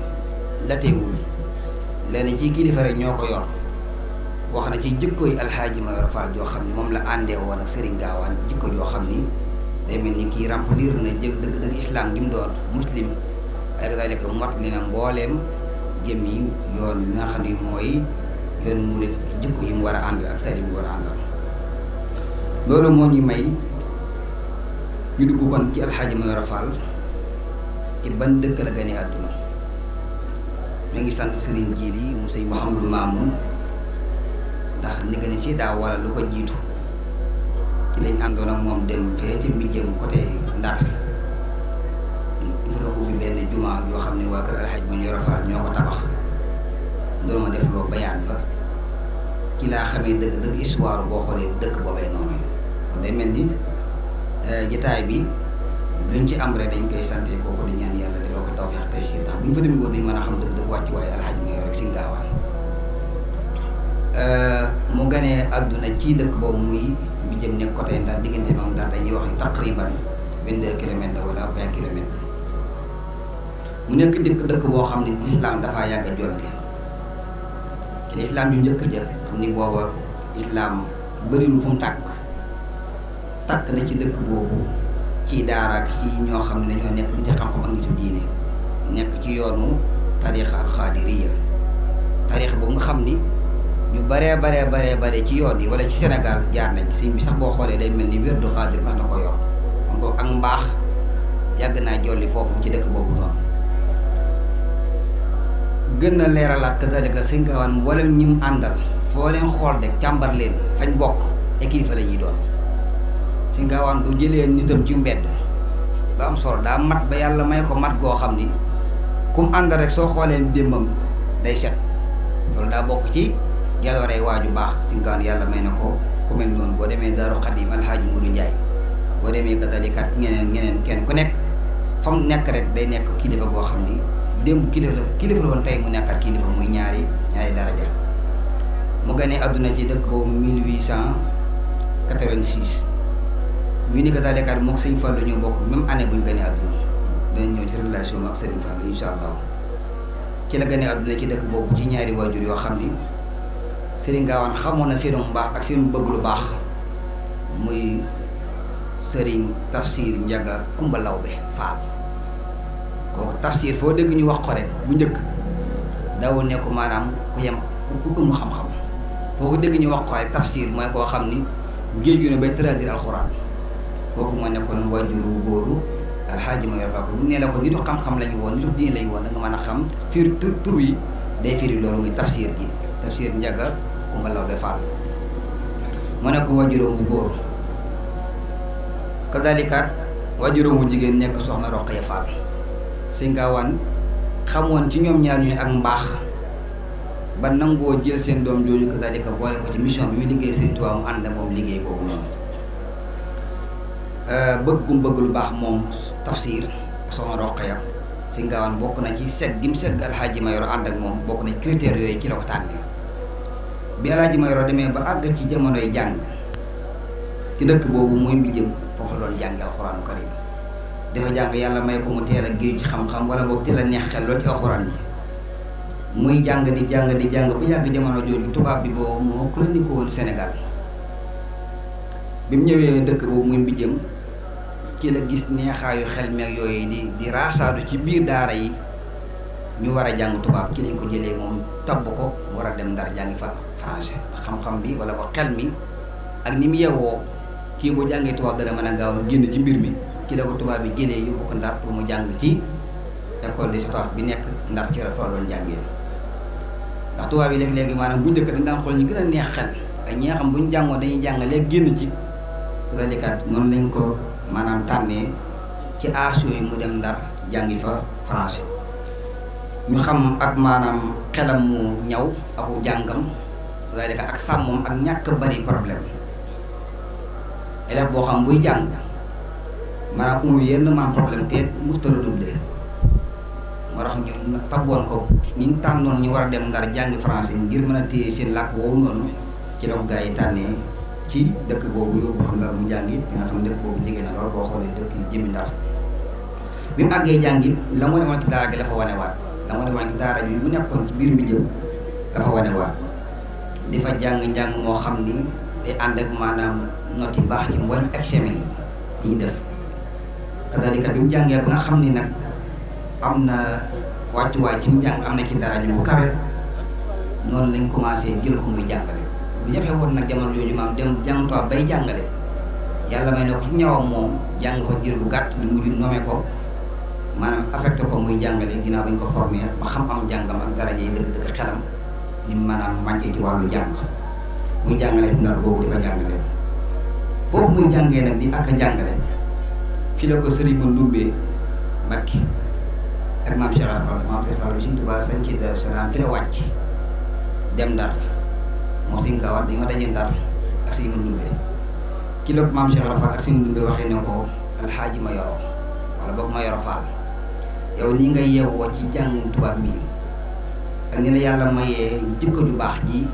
lateewul lenn ci kilifa rek ñoo ko yor wax na ci jikkoy alxaaji Mayoro Fall joo xam ni moom la àndee woon ak Serigne Gaawaan jikko joo xam ni day mel ni kii remplir na jë dëgg dëgg islam gi mu doon muslim wa kadalika mot li na mbooleem jëm yi yoon li nga xam ni mooy yoonu murit jikko yi mu war a àndal ak tari mu war a àndal loolu moo ñu may ñu dugg kon ci alxaaji Mayoro Fall ban dëkk la gane àdduna ma ngi sant sëriñ Jiili mu sëñ Mouhamadou Mamoun ndax ni gën si daa wala lu ko jiitu ci lañ àndoon ak moom dem fee ci mbijjëm côté Ndar ñu fa ko bi benn juma yoo xam ne waa kër alxaaji Mayoro Fall ñoo ko tabax doon ma def loo bayaan ba ci laa xamee dëgg dëgg histoire boo xoolee dëkk boobee noonu kon day mel ni Euh, jataay bi luñ ci am rek dañ koy sante kooku di ñaan yàlla defoo ko tawfeex tey si ndax bu ñu fa dem woon dañ a xam dëgg dëgg wàcc waaye alxaj mooy rek si ngaawaan euh, mu ganee dëkk boobu muy bi jëm ne côté Ndar diggante moom Ndar dañuy wax taqriban vingt-deux kilomètres la wala vingt kilomètres mu nekk dëkk boo xam ne islam dafaa yàgg a jolle ci islam yu njëkk a jël xam ni booba fu mu tàkk tàkk na ci dëkk boobu ci daara ak ñoo xam ne dañoo nekk ci xam-xam ak nitu diine nekk ci yoonu tariixa alxaadiriya tariixa boobu nga xam ni ñu baree bare baree bare ci yoon yi wala ci Sénégal jaar nañ sëñ sax boo xoolee day mel ni wérdu xaadir ma na ko yor ak mbaax yàgg naa jolli foofu ci dëkk boobu doon gën na leeralaat kadalika sëñ Gawane mboolem ñi mu àndal foo leen xool de càmbar leen fañ bokk ay kilifa la doon ci ngaawaan bu jëlee nitam ci mbedd ba am solo daa mat ba yàlla may ko mat goo xam ni kum ànd rek soo xoolee démbam day set loolu daa bokk ci jaloorey waaju baax ci ngaawaan yàlla may na ko ku mel noonu boo demee Daaru Xadim Alxaaji Mudu Njaay boo demee katalikat ngeen ñeneen kenn ku nekk fa mu nekk rek day nekk kilifa goo xam ni démb kilifa la kilifa la woon tey mu nekkat kilifa mu ñaari ñaari daraja mu gane àdduna ci dëkk boobu 1886 ñu ni ko daal yaakaar moom sëñ Fallou ñoo bokk même année bu ñu gënee àdduna danañ ñëw ci relation ak sëriñ Fallou incha allah ci la gënee àdduna ci dëkk boobu ci ñaari waajur yoo xam ni sëriñ Gaawaan xamoon na mu baax ak seen bëgg lu baax muy sëriñ Tafsir Njaga Kumba Lawbe Fall kooku Tafsir foo dégg ñu wax ko rek bu njëkk daawu ne maanaam ku yem ku ëmm xam-xam foo ko dégg ñu wax ko rek Tafsir mooy koo xam ni géej gi ne bay traduire alxuraan. kooku ma nekkoon wajuru góoru alxaaji ma yor faa ko bu ñu nee la ko nitu xam-xam lañu woon nitu diine lañu woon da nga mën a xam fiir tur tur yi day firi loolu muy tafsir gi tafsir njaga ku mbalaw be faal mu nekk wajuróom bu góor kadalikaat wajuróom bu jigéen nekk soxna Roqaya Faal sëñ Gaawaan xamoon ci ñoom ñaar ñuy ak mbaax ba nangoo jël seen doom jooju kadalika boole ko ci mission bi muy liggéey Sëriñ Tuubaa mu ànd moom liggéey boobu Eh, bëgg gum bëgg lu baax moom tafsir soxna Roqaya si ngaawaan bokk na ci segg gi mu segg alxaaji Mayoro ànd ak moom bokk na ci critères yooyu ci la ko tànnee bi alxaaji Mayoro demee ba àgg ci jamonoy jàng ci dëkk boobu muy mbijjëm foofu loolu jàngi alxuraanu karim dafa jàng yàlla may ko mu teel a géeju ci xam-xam wala boog teel a neex xel loolu ci alxuraan bi muy jàng di jàng di jàng bu yàgg jamono jooju tubaab bi boobu moo chronique woon Sénégal kii la gis neexaayu xel meeg yooy di di raasaadu ci biir daara yi ñu war a jàng tubaab ci lañ ko jëlee moom tabb ko mu war a dem ndar jàngi fa français xam-xam bi wala ba xel mi ak ni mu yewoo kii bu jàngee tubaab dana mën a gaaw génn ci mbir mi ci la ko tubaab bi jëlee yóbbu ko ndar pour mu jàng ci école de sautage bi nekk ndar ci la tolloon jàngee ndax tubaab yi léeg-léegi maanaam bu njëkk dañ daan xool ñu gën a neex xel ak ñi bu ñu jàngoon dañuy jàng génn ci loolu ko. maanaam tànnee ci aas yooyu mu dem ndar jàngi fa français ñu xam ak maanaam xelam mu ñaw aku jàngam waaye ak sàmmam ak ñàkk bari problème élève boo xam buy jàng maanaam amul yenn maam problème te musta redoublé moo tax ñu tabboon ko ni ñu tànnoon ñu war a dem ndar jàngi français ngir mën a téye seen làkk woowu noonu ci la ko gaa yi tànnee ci dëkk boobu yóbbu ko Ndar mu jàngit bi nga xam dëkk boobu jege na lool boo xoolee dëkk yi jëmi bi mu àggee jàngit la mu demoon ci daara gi la fa wanewaat la mu demoon ci daara bi mu nekkoon ci biir mbijëm la fa wanewaat di fa jàng-njàng moo xam ni day ànd ak maanaam not baax ci mboolem examen yi ñu def kadalika bi mu jàngee ba nga xam ni nag am na wàccuwaay ci mu jàng am na ci daara ji bu kawe noonu lañ commencé jël ko muy jàngale jafe woon nag jamono jooju maam dem jàng tubaab bay jàngale yàlla may ne ko ñawam moom jàng ko jiir bu gàtt ñu mujj nomee ko maanaam affecté ko muy jàngale ginnaaw bi ñu ko formé ba xam-xam jàngam ak daraja yi dëgg dëgg xelam ni maanaam màccee ci wàllu jàng muy jàngale ndar boobu dafa jàngale foofu muy jàngee nag di ak jàngale fii la ko sëriñ bu ndumbee Mbàkke ak maam Cheikh Ibra Fall maam Cheikh Fall bi Sëriñ Tuubaa sañ ci Daaru Salaam fi la wàcc dem Ndar moom sëñ Gaawaan ma daje Ndar ak sëñ Mandumbe ki la maam Cheikh Ibra ak sëñ Mandumbe waxee ne ko alxaaji ma yoro wala boog ma yoro yow ni nga yeewoo ci jàngum tubaab mi ak ni la yàlla mayee jikko ju baax ji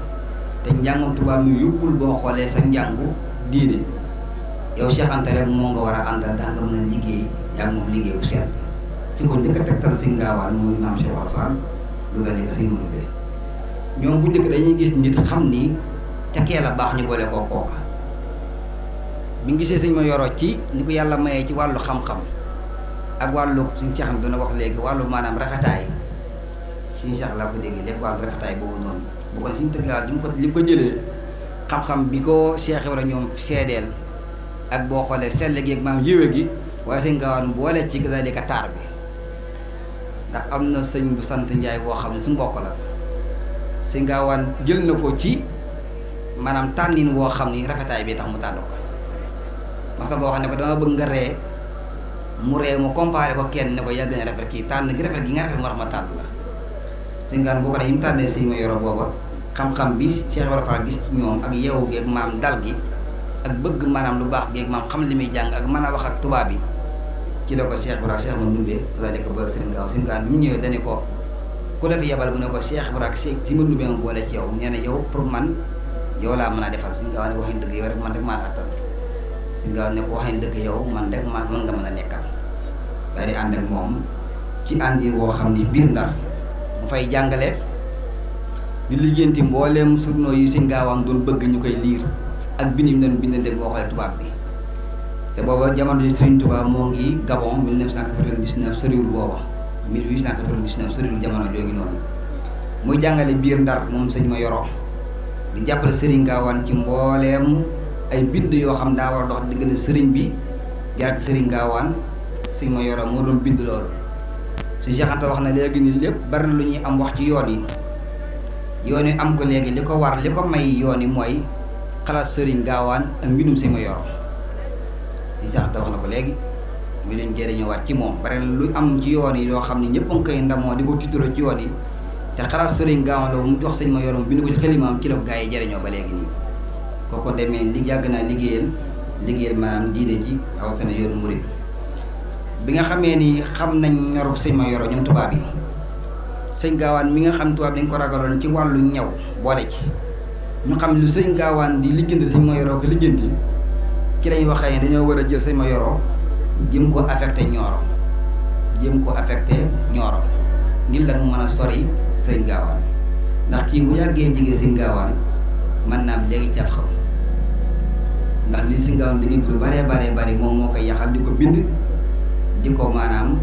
te njàngum tubaab mi yóbbul boo xoolee sa njàngu diine yow Cheikh rek moo nga war a àndal daa nga mën liggéey yaa moom liggéey bu sell ci ko njëkk a tegtal sëñ Gaawaan mooy maam Cheikh Ibra Fall dugal ne ko sëñ ñoom bu njëkk dañuy gis nit xam ni ca kee la baax ñu boole koo kooka bi ñu gisee sëñ ma yoroo ci ni ko yàlla mayee ci wàllu xam-xam ak wàllu suñu seex mi dana wax léegi wàllu maanaam rafetaay suñu seex laa ko déggee léegi wàllu rafetaay boobu noonu bu ko suñu tëggaat li mu ko li ko jëlee xam-xam bi ko seex wala ñoom seedeel ak boo xoolee sell gi ak maam yéwe gi waaye sëñ gaawaan boole ci dalika taar bi ndax am na sëñ bu sant Njaay boo xam ne su mbokk la si ngaawaan jël na ko ci maanaam tànnin woo xam ni rafetaay bi tax mu tànn ko mas na koo xam ne ko dama bëgg nga ree mu ree mu comparé ko kenn ne ko yaa gën a rafet kii tànn gi rafet gi nga rafet moo tax ma tànn la si ngaan boo ko ne yi mu tànnee sëñ ma yoro booba xam-xam bi Cheikh Ibra Fall gis ci ñoom ak yeewu geeg maam dal gi ak bëgg maanaam lu baax geeg maam xam li muy jàng ak mën a wax ak tubaab yi ci la ko Cheikh Ibra Cheikh ma dumbee zalika ba sëñ gaaw sëñ gaan bi mu ñëwee dane ko ku la bu ne ko Cheikh Ibrahima Cheikh ci mën lu ma boole ci yow nee na yow pour man yow laa mën a defar suñu gaaw ne waxin dëgg yow man rek maa la attan ne ko waxin dëgg yow man rek man mën nga mën a nekkal daal di ànd ak moom ci àndin woo xam ni biir ndar mu fay jàngale di liggéeyanti mbooleem su yi suñ gaawam doon bëgg ñu koy liir ak bindim doon bindante boo xoolee tubaab bi te booba jamono ji Sëriñ Tuubaa moo ngi Gabon 1999 soriwul booba 1899 soriwul jamono jooju noonu muy jàngale biir ndar moom sëñ ma yoro di jàppale sëriñ gaawaan ci mbooleem ay bind yoo xam daa war a dox diggante sëriñ bi jarak sëriñ gaawaan sëñ ma yoro moo doon bind loolu su jaxanta wax na léegi ni lépp bari lu ñuy am wax ci yoon yi yoon yi am ko léegi li ko war li ko may yoon yi mooy xalaat sëriñ gaawaan ak mbindum sëñ ma yoro su jaxanta wax na ko léegi ñu leen jëriñoowaat ci moom bare lu am ci yoon yi yoo xam ne ñëpp a ngi koy ndamoo di ko tiitaroo ci yoon yi te xalaat sëriñ gaawalo mu jox sëñ ma yorom bi ñu ko ci xelimaam ci la gaa yi jëriñoo ba léegi nii demee li yàgg naa liggéeyal liggéeyal maanaam diine ji rawatina yoonu murid bi nga xamee ni xam nañ ñoruk sëñ ma yoro ñoom tubaab sëñ gaawaan mi nga xam tubaab dañ ko ragaloon ci wàllu ñaw boole ci ñu xam sëñ gaawaan di liggéeyante sëñ ma yoroo ko liggéeyante ki lay waxee ne dañoo war a jël sëñ ma yoroo jëm ko affecté Nioro jëm ko affecté ñooro ngir lan mu mën a sori sëriñ gaawaan ndax kii bu yàggee jege sëriñ gaawaan man naam léegi jaf xam ndax lii sëriñ gaawaan li nit lu bare bare bare moom moo koy yaxal di ko bind di ko maanaam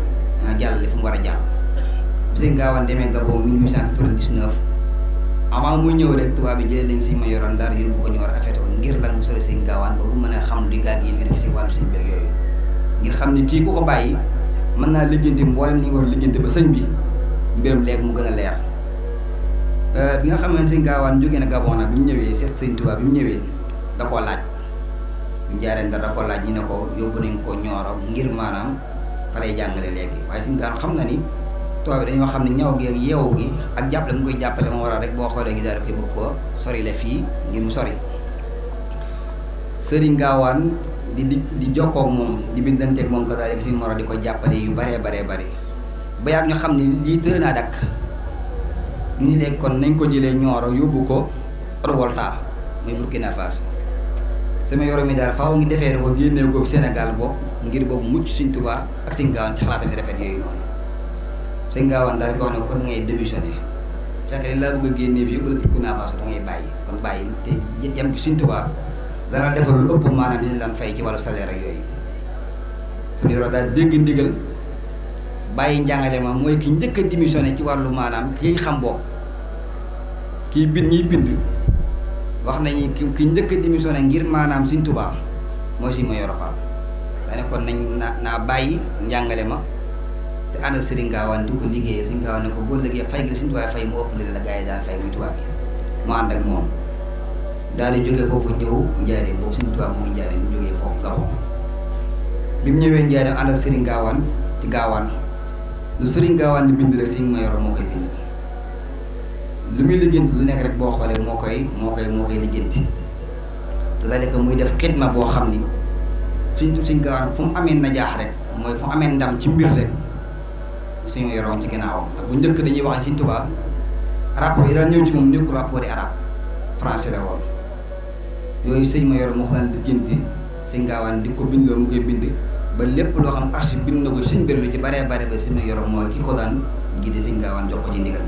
ah, jàllale fu mu war a jàll sëriñ gaawaan demee Gabon 1899 avant muy ñëw rek tubaab bi jëlee lañ sëñ ma yoroon dara yóbbu ko ñëw war a ngir lan mu sori sëriñ gaawaan boobu mën a xam li gaal yi rek si wàllu sëñ beeg yooyu ngir xam ne kii ku ko bàyyi mën naa liggéeyante mboolem ni nga war a liggéeyante ba sëñ bi mbiram léegi mu gën a leer euh, bi nga xam ne sëñ gaawaan jógee na Gabon nag bi mu ñëwee seet sëñ Tuubaa bi mu ñëwee da ko laaj bu jaaree da koo laaj ne ko yóbbu nañ ko Nioro ngir maanaam fa lay jàngale léegi waaye sëñ gaawaan xam na ni tubaab bi dañoo xam ne ñaw gi ak yeewu gi ak jàppale mu koy jàppale moo waral rek boo xoolee ngi daal koy bëgg ko sori la fii ngir mu sori sëriñ gaawaan di di di jokkoo ak moom di bindanteeg moom ko daal di suñu moro di ko jàppale yu baree bare bëri ba yàgg ñu xam ne lii tën naa dakk ñu ne kon nañ ko jëlee ñooro yóbbu ko Revolta muy Burkina Faso sama yoro mi daal faaw ngi defee ko génnee ko Sénégal boobu ngir boobu mucc Sëñ Tuubaa ak Sëñ Gaawaan ci xalaatam yi rafet yooyu noonu Sëñ Gaawaan daal di ko wax ne kon ngay démissionné laa bëgg a génnee fii yóbbu la Burkina Faso da bàyyi kon bàyyi te yem ci Sëñ danaa defar lu ëpp maanaam li ñu daan fay ci wàllu salaire ak yooyu suñu yoroo daal dégg ndigal bàyyi njàngale ma mooy ki njëkk a démissionné ci wàllu maanaam ki xam bokk kii bind ñiy bind wax nañu ki ki njëkk a ngir maanaam Sëñ Tuubaa mooy Sëñ Mayoro Fall daane kon nañ na naa bàyyi njàngale ma te ànd ak Sëriñ di ko liggéeyal Sëriñ Gaawaan ne ko boo liggéey fay gi Sëñ fay mu ëpp li la gaa mu ànd ak moom daal di jógee foofu ñëw Njaaréem boobu suñu tubaab mu ngi Njaaréem mu jógee foofu Gabon bi mu ñëwee Njaaréem ànd ak Serigne Gaawaan ci Gaawaan lu sëriñ Gaawaan di bind rek Serigne Mayoro moo koy bind lu muy liggéenti lu nekk rek boo xoolee moo koy moo koy moo koy liggéenti c'est-à-dire muy def xidma boo xam ni suñ suñ Gaawaan fu mu amee najaax rek mooy fu mu amee ndam ci mbir rek Serigne Mayoro ci ginnaawam bu njëkk dañuy wax ne Serigne Touba rapport yi daan ñëw ci moom nekk rapport yi arabe français la woon yooyu sëñ ma yor moo fa naan liggéenti sëñ gaawaan di ko bind loo mu koy bind ba lépp loo xam archive bind na ko sëñ mbir lu ci baree bare ba sëñ ma yor mooy ki ko daan gidde sëñ gaawaan jox ko ci ndigal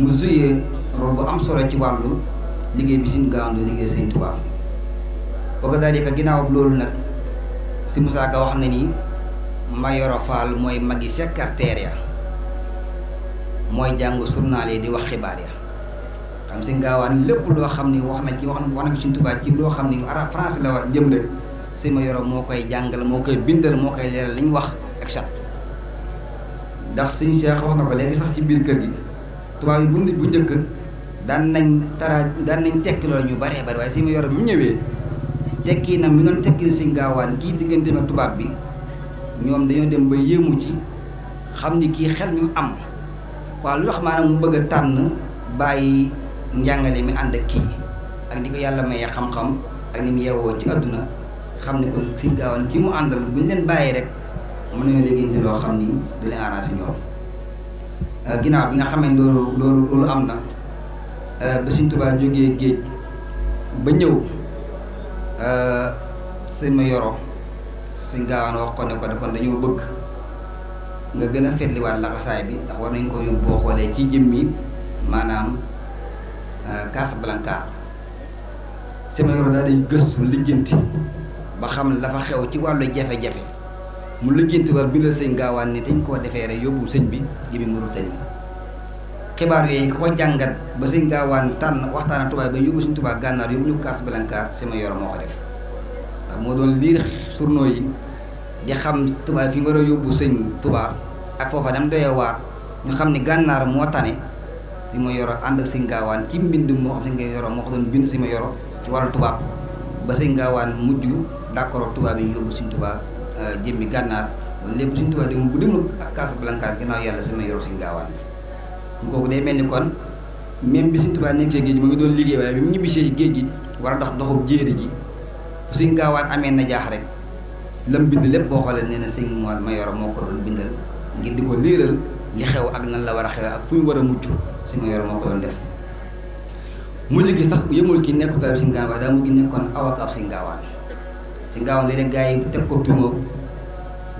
mu joué rôle bu am solo ci wàllu liggéey bi sëñ gaawaan du liggéey sëñ Tuubaa boo ko daal di ginnaaw loolu nag si Moussa Ka wax na ni Mayoro Fall mooy magi secrétaire ya mooy jàng journal yi di wax xibaar ya tam si ngaawaan lépp loo xam ni wax na ci wax wax na ci suñu tubaab ci loo xam ni arab la wax jëm rek sëñ yoro moo koy jàngal moo koy bindal moo koy leeral ñu wax ak chat ndax wax na ko sax ci biir kër gi tubaab yi bu bu njëkk daan daan nañ tekki loolu ñu baree bari waaye sëñ ma yoro bi mu ñëwee tekki na mi doon tekki si ngaawaan kii diggante ak tubaab bi ñoom dañoo dem ba yéemu ci xam ni kii xel ñu am waaw lu tax maanaam mu bëgg a tànn bàyyi njàngale mi ànd ak kii ak di ko yàlla maye xam-xam ak ni mu yeewoo ci adduna xam ne ko si Gaawaan kii mu àndal bu ñu leen bàyyi rek mun nañoo liggéeyante loo xam ni du leen arrangé ñoom euh, ginnaaw bi nga xamee loolu loolu loolu am na euh, ba Sëñ Tuubaa jógee géej ba ñëw euh, sëñ ma yoro Sëñ Gaawaan wax ko ne ko de kon dañoo bëgg nga gën a fetliwaat laxasaay bi ndax war nañ ko yóbbu boo xoolee ci jëmmi maanaam Casablanca Séméro daal di gëstu lijjanti ba xam la fa xew ci wàllu jafe-jafe mu lijjanti war bindal sëñ gaawaan ni dañ koo defee rek yóbbu sëñ bi jëmi Mauritanie xibaar ko ko jàngat ba sëñ gaawaan tànn waxtaan ak tubaab ba yóbbu suñ tubaab gànnaar yóbbu ñu Casablanca Séméro moo ko def ndax moo doon liir journaux yi di xam tubaab fi nga war a yóbbu sëñ tubaab ak foofa dem doyee waar ñu xam ni gànnaar moo tane. si ma yoro ànd ak sëñ gaawaan ci mbind moo xam sëñ nga yoro moo ko doon bind si ma yoro ci wàllu tubaab ba sëñ gaawaan mujj d'accord tubaab yi yóbbu sëñ tubaab euh, jëmmi gànnaar lépp sëñ tubaab di bu demul ak Casablanca gannaaw yàlla si ma yoro kooku day mel ni kon même bi sëñ tubaab nekk mu ngi doon liggéey waaye bi mu ñibbisee géej gi war a dox doxub jéeri ji fu sëñ gaawaan amee na jaax rek lam bind lépp boo xoolee nee na sëñ ma yoro moo ko doon bindal ngir di ko liiral li xew ak nan la war a xew ak fu war a suñu yor moo ko doon def mujj gi sax yëmul ki nekk taw Sëñ Gaawaan daa mujj nekkoon avocat Sëñ Gaawaan Sëñ Gaawaan léeg-léeg yi teg ko tuuma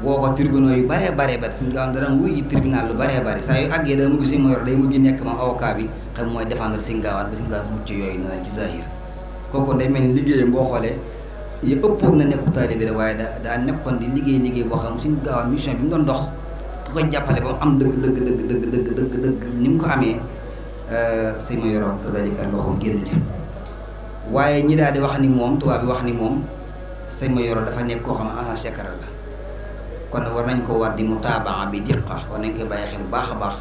woo ko tribunal yu baree baree ba Sëñ Gaawaan dana wuy ji tribunal lu baree bari saa yu àggee daa mujj Sëñ Mayoro day mujj nekk moom avocat bi xam mooy défendre Sëñ Gaawaan ba Sëñ Gaawaan mucc yooyu noonu ci zahir kooku day mel ni liggéeyam boo xoolee yi ëppoon na nekku taalibe waaye da daa nekkoon di liggéey liggéey boo xam Sëñ Gaawaan mission bi mu doon dox ku ko jàppale ba mu am dëgg dëgg dëgg dëgg dëgg dëgg dëgg ni mu ko amee Euh, sëñ ma yoroon te dalika loxoom génn ci waaye ñi daal di wax ni moom tubaab bi wax ni moom sëñ ma yoroon dafa nekk koo xam ne agent chakara la war nañ ko war di mutaabaa bi diqa war nañ koy bàyyi xel bu baax a baax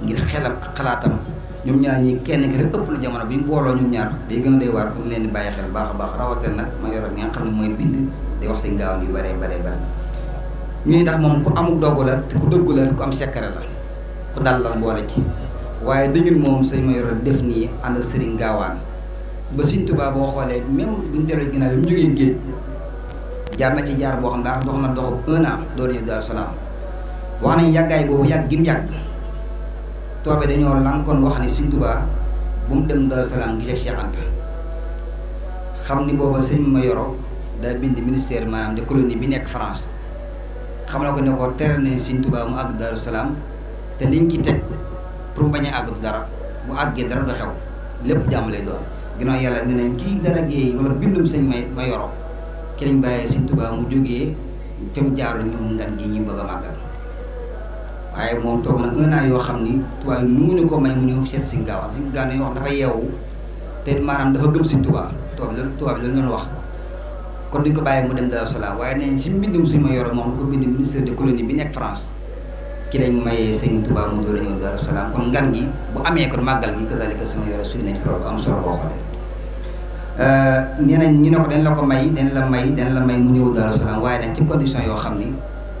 ngir xelam ak xalaatam ñoom ñaar ñi kenn ki rek na jamono bi ñu booloo ñoom ñaar day gën day waar ñu leen di bàyyi xel baax a baax rawatina nag ma yoroon mi nga xam ne mooy bind day wax sëñ gaawan yu baree baree bare ñu ndax moom ku amul dogg la te ku dëggu la ku am sekkare la ku dal la boole ci waaye dañun moom seen ma yoro def nii ànd sëriñ gaawaan ba sëñ boo xoolee même bu ñu dellu ginnaaw bi mu jógee géej jaar na ci jaar boo xam daa dox na doxub wax nañ yàggaay boobu yàgg gi mu yàgg toobe dañoo lankoon wax ni sëñ Tuubaa mu dem Daaru Salaam gisee Cheikh xam ni booba sëñ ma yoro daa bind ministère maanaam de colonie bi nekk France xam na ko ne ko tere nañ sëñ mu àgg Daaru Salaam te liñ ci teg pour bañ a àgg du dara bu àggee dara du xew lépp jàmm lay doon ginnaaw yàlla ne nañ kii dara géey wala bindum sëñ may ma yoroo ki lañ bàyyee sëñ Tuubaa mu jógee fi mu jaaru ñoom ndan gi ñu bëgg a màggal waaye moom yoo xam ni Tuubaa yi mënuñu ko may mu ñëw seet si gaaw si gaaw yoo xam dafa yeewu te maanaam dafa gëm sëñ Tuubaa Tuubaa bi Tuubaa bi lañ wax kon duñ ko bàyyi mu dem Daaru Salaam waaye nee si mbindum sëñ ma yoroo moom ko bind ministère de colonie bi nekk France ci lañ mayee sëñ Touba mu door a ñëw Daaru Salaam kon ngan gi bu amee kon màggal gi que daanaka sama yore euh, ñu ne ko dañ la ko may dañ la may dañ la may mu ñëw waaye nag ci condition yoo xam ni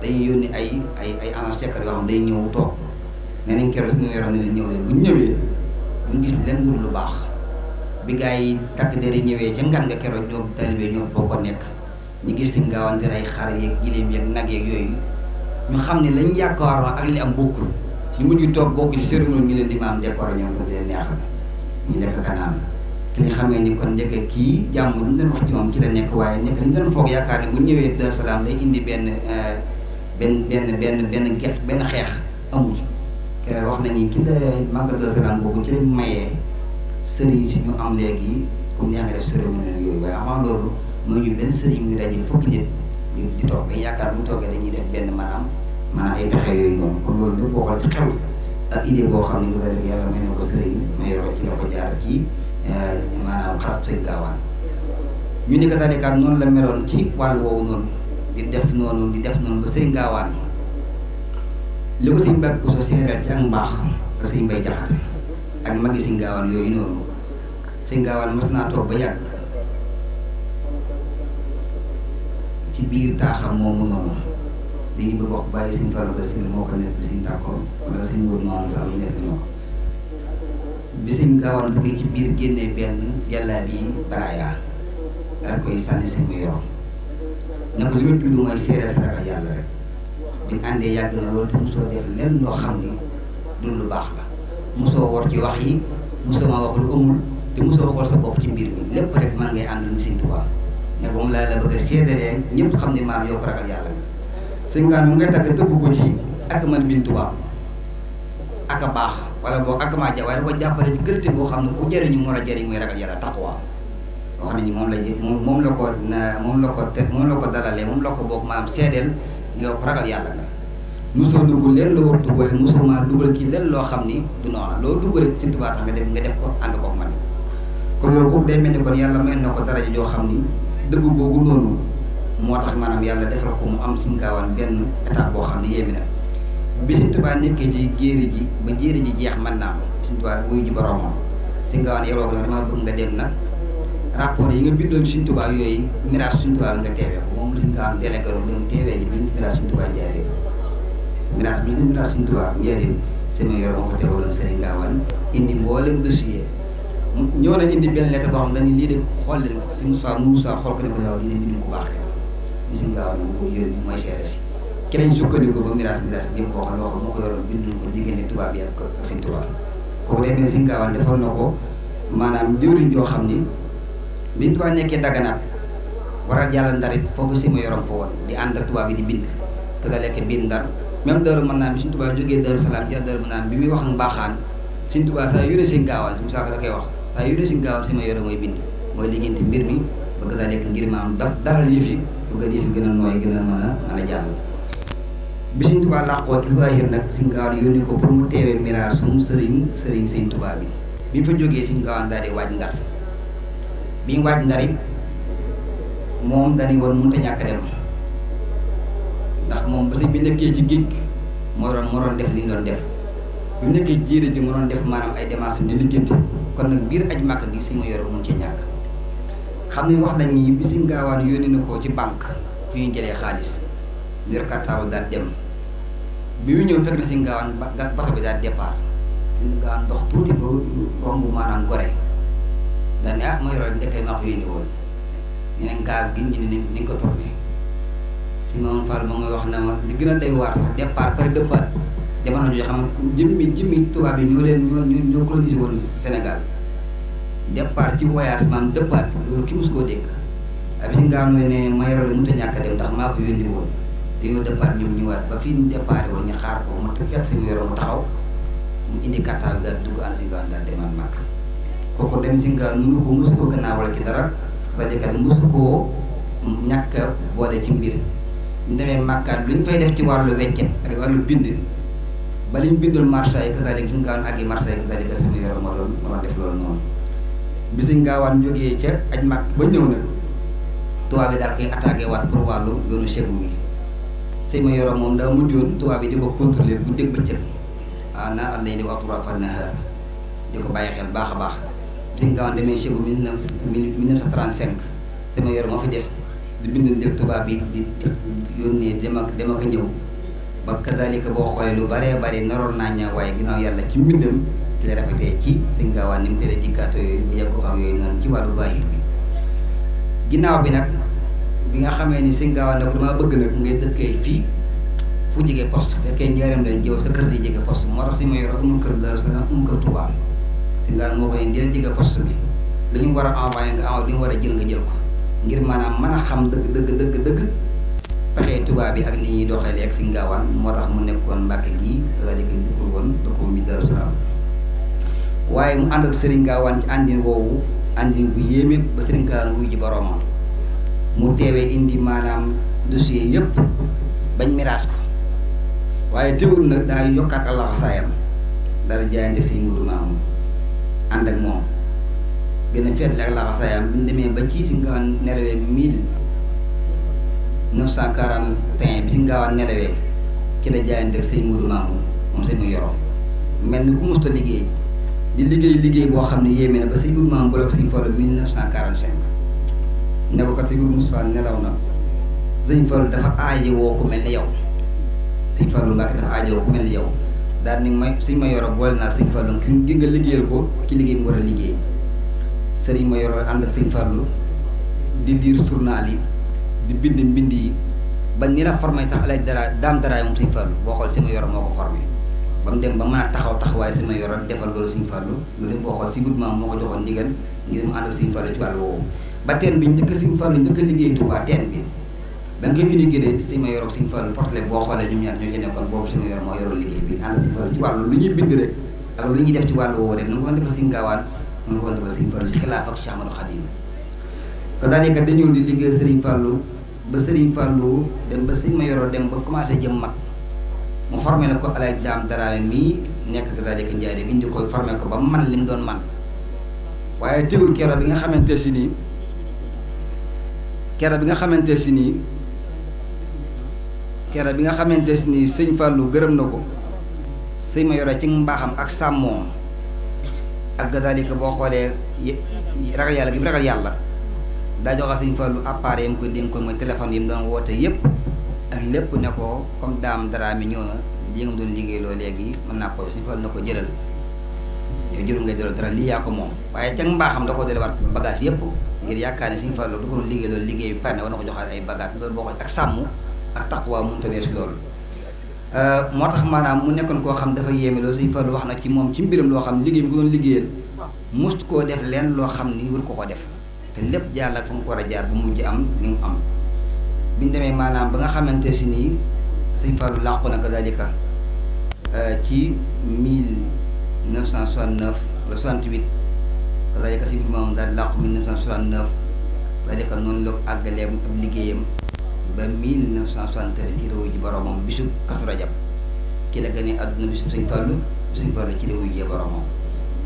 dañuy yónni ay ay ay agence cekkar xam day ñëw toog nee nañ keroog suñu yoroon ne leen bu ñu ñëwee duñ gis leen lu baax bi gars yi takk der yi ñëwee ca ngan nga keroog ñoom taalibe ñoo bokk nekk ñu gis si gaawante ay xar yeeg gileem yeeg nag yeeg yooyu. ñu xam ne lañ yaakaaroon ak li am bokkul ñu mujj toog bokkul sëriñoo ñu leen di maam décoré ñoom ko di leen neexal ñu nekk ñu xamee ni kon kii jàmm lu ñu ci moom nekk waaye nekk dañu doon foog yaakaar ne bu ñëwee Darou euh, benn benn benn benn benn xeex amul wax ki la màggal Darou Salaam boobu ci lañ mayee sëriñ si ñu am léegi comme ni nga def waaye avant loolu moo ñu benn sëriñ mu daje fukki nit. di di toog day yaakaar bu toogee dañuy def benn maanaam maanaam ay pexe yooyu noonu kon loolu lépp bokkal ak idée boo xam ne lu rëdd yàlla may na ko sëriñ ma yoroo ci la ci euh, maanaam xalaat sëñ ni ko dalekaat noonu la meloon ci wàll woowu noonu di def noonu di def noonu ba sëriñ gaawaan li ko sëñ bàkk so séeréer ci ak mbaax ba sëñ bay ak magi sëñ gaawaan yooyu noonu sëñ gaawaan mas naa toog ba yàgg ci biir taaxam moomu noonu li ñu bëgg wax bàyyi suñu faral di moo ko nekk suñu tàkkoon wala suñu wóor noonu fa ci biir génnee benn yàllaa bi baraaya daal koy sànni si mu yoroon na ko li ma tudd mooy seere sa ragal yàlla rek biñ àndee yàgg na loolu te mosoo def lenn loo xam ni du lu baax la mosoo wor ci wax yi mosoo ma wax lu amul te mosoo xool sa bopp ci mbir mi lépp rek man ngay àndal ni Sëñ Tuubaa ne moom laa la bëgg a seedalee xam ne maam yow ko ragal yàlla nga sëñ Kaan mu ngay tagg dëgg ko ci ak man bin tubaab ak baax wala boog ak maa ja waaye da ko jàppale ci qualité boo xam ne ku jëriñu moo la jëriñ muy ragal yàlla taqwa wax nañu moom la moom moom la ko moom la ko te moom ko dalalee moom la ko boog maam seedeel nga ko ragal yàlla nga mosoo dugg leen loo war dugg waaye mosoo maa dugal kii leen loo xam ni du noona loo dugg rek Sëñ Tuubaa tax nga def nga def ko ànd koog man kon loolu boobu day mel ni kon yàlla may joo xam ni dëggu googu noonu moo tax maanaam yàlla defal ko mu am suñu gaawaan benn étape boo xam ne yéemi na bi Sëñ Tuubaa nekkee ci jéeri ji ba jéeri ji jeex mën naa ko Sëñ Tuubaa wuyu ji boroomam suñu gaawaan yow ko dama bëgg nga dem nag rapport yi nga bindoon Sëñ Tuubaa yooyu miraas Sëñ Tuubaa bi nga teewee ko moom la Sëñ Tuubaa délégué woon dem teewee ni miraas Sëñ Tuubaa njaareem miraas bi ñu miraas Sëñ Tuubaa njaareem sama yoro moo ko teewaloon Sëriñ Gaawaan indi ñëw na indi benn lettre boo xam dañu lii de xool leen ko si Moussa Moussa xool ko ne ko yow mooy CRS ki lañ sukkandiku ba mirage mirage ñëpp boo xam loo xam moo ko yoroon bind ko diggante tubaab yi ak ak seen tubaab kooku day mel maanaam jëwriñ joo xam ni biñ tubaab nekkee daganaat war a jàll ndarit foofu si ma yorom fa woon di ànd ak tubaab yi di bind te da lekk biir ndar même naa bi suñ tubaab jógee Daaru Salaam ja Daaru mën naa bi muy wax mbaaxaan suñ tubaab sa yóne da koy wax saa yu ne si gaaw si ma yore mooy bind mooy liggéeyante mbir mi bëgg laa lekk ngir ma am daf daral yëf yi bëgg yëf yi gën a nooy gën a mën a mën a jàll bi Sëñ Tuubaa làqoo ci zaahir nag Sëñ Gaawaan yónni ko pour mu teewee miraasum sëriñ sëriñ Sëñ Tuubaa bi bi mu fa jógee si Gaawaan daal di waaj ndar bi ñu waaj ndar it moom dañu woon mënut a ñàkk dem ndax moom ba sëñ bi nekkee ci géej moo doon moo def li ñu doon def bi mu nekkee jiire ji moo doon def maanaam ay démarches di kon nag biir aj màkk gi mu ma yore mun ci ñàkk xam ne wax nañ ni bi suñ gaawaan yónni na ko ci banque fi ñu jëlee xaalis mu yor kartaabal daal dem bi mu ñëw fekk na suñ gaawaan bato bi daal départ suñ ndox tuuti ba romb maanaam gore dañ ne ah ma yore ndekkee maa ko yónni woon ñu gaal gi ñu ne ni ko tourné si moom Fall moom mooy wax na ma li gën a doy waar sax départ pare dëppaat jamono jooju xam nga jëmmi jëmmi tubaab yi ñoo leen ci voyage maam dëppaat loolu mus koo dégg ab si a ñàkk a dem ndax maa ko yónni woon dañoo départ ba fii ñu départ woon ñu xaar ko indi kattan daal dugg an si ngaan daal demaat màkk koo gannaawal ci dara rajokat mosu koo ñàkk boole ci mbir ñu demee màkkaat lu ñu fay def ci wàllu weccet ak wàllu bind ba li ñu bindoon marché ay kasaalika suñu gaawaan ak yi marché ay kasaalika suñu yoroon moo doon moo doon def loolu moom bi suñu gaawaan jógee ca aj mag ba ñëw nag tubaab bi daal koy attaqué waat pour wàllu yoonu Ségu bi sëñ ma yoroon moom daa mujjoon tubaab yi di ko contrôler bu dégg bëccëg ah naa am nañ li wax tubaab fan nahar di ko bàyyi xel baax a baax suñu gaawaan demee Ségu 1935 sëñ ma yoroon moo fi des di bind ndeg tubaab yi di yónnee dem ak dem ak ñëw. ba kazalika boo xoolee lu baree bare naroon naa ñaaw waaye ginnaaw yàlla ci mbindam ci la rafetee ci sëñ gaawaan ni mu tëlee dikkaatoo yooyu ba yàgg ko fa yooyu noonu ci wàllu zahir bi ginnaaw bi nag bi nga xamee ni sëñ gaawaan ne ko damaa bëgg nag ngay dëkkee fii fu jege poste fekkee njaaram lañ jëw sa kër di jege poste moo tax si ma yoro amul kër Daaru Salaam amul kër Touba sëñ gaawaan moo ko ne dina jege poste bi lu war a envoyé nga envoyé li ñu war a jël nga ko ngir maanaam mën xam dëgg dëgg dëgg dëgg pexe tubaab yi ak ni ñuy doxalee ak suñu moo tax mu nekkoon Mbàkke gi la nekk dëkku woon dëkkoom bi Daaru Salaam waaye mu ànd ak Sëriñ ci àndin woowu àndin bu yéeme ba Sëriñ Gaawaan wuy ji boroomam mu teewee indi maanaam dossier yëpp bañ miraas ko waaye teewul nag daa yokkaat allah saayam dara jaayante sëñ Mudu Maamu ànd ak moom gën a féetle ak allah saayam bu ba ci si nelawee mille 941 bi si ngaawaan nelawee ci la jaayante ak sëñ Mourou Mamoun moom sëñ mu yoroo mel ni ku musta liggéey di liggéey liggéey boo xam ne yéeme na ba sëñ Mourou Mamoun boloog sëñ Fallou 1945 ne ko kat sëñ Mourou Moustapha nelaw na sëñ Fallou dafa aaje woo ku mel ni yow sëñ Fallou Mbacke dafa aaje woo ku mel ni yow daal ni ma sëñ ma yoroo boole naa sëñ Fallou ki gi nga liggéeyal ko ci liggéey mu war a liggéey sëriñ ma yoroo ànd ak sëñ Fallou di yi di bind mbind yi ba ni la formé sax alaj dara daam daraay moom suñ fàllu boo xool si ma yoro moo ko formé ba mu dem ba mën a taxaw taxawaay si ma yoro defal ko suñ fàllu lu si ma yoro liggéey bi ànd ak suñ ci wàllu lu ñuy bind rek ak lu ñuy def ci wàllu woowu rek nu ko defal suñ gaawaan nu ko defal suñ fàllu ci xilaaf ak Cheikh Ahmadou Khadim kadaalika dañu di liggéey Serigne Fallou ba sëriñ Fallou dem ba sëñ Mayoro dem ba commencé jëm mag mu formé la ko alaaj daam daraame mii nekk daajëkk njaay dem indi ko formé ko ba man li mu doon waaye tegul kero bi nga xamante si nii kero bi nga xamante si nii kero bi nga xamante si nii sëñ Fallou gërëm na ko sëñ Mayoro ci mbaaxam ak sàmmoom ak gadaalika boo xoolee ragal yàlla gi ragal yàlla daa joxe Sëñ Fallu appareil yi mu ko dénkoon mooy téléphone yi mu doon woote yëpp ak lépp ne ko comme daam dara mi ñëw na lii nga liggéey loolu léegi mën naa ko Sëñ Fallu na ko jëlal yow jëru ngay jëlal dara lii ko moom waaye ca mbaaxam da koo delewaat bagage yëpp ngir yaakaar ne Sëñ Fallu du ko doon liggéey loolu ko joxaat ay bagage loolu boo ko ak sàmm ak taqwa mun ta wees loolu euh, moo tax maanaam mu nekkoon koo xam dafa yéeme loolu Sëñ Fallu wax na ci moom ci mbiram loo xam liggéey bi ko doon liggéeyal must koo def leen loo xam ni war ko ko def te lépp jaar la fa mu war a jaar bu mujj am ni mu am biñ demee maanaam ba nga xamante si nii sëñ Fallou làqu na ko dalika euh, ci mille neuf cent soixante neuf wala soixante huit ko dalika si moom daal làqu mille neuf cent soixante neuf dalika liggéeyam ba mille neuf cent soixante ci la wuyu ji boromam bisub Kazu Rajab ki la gënee àdduna bisub sëñ Fallou sëñ Fallou ci la wuyu jee boromam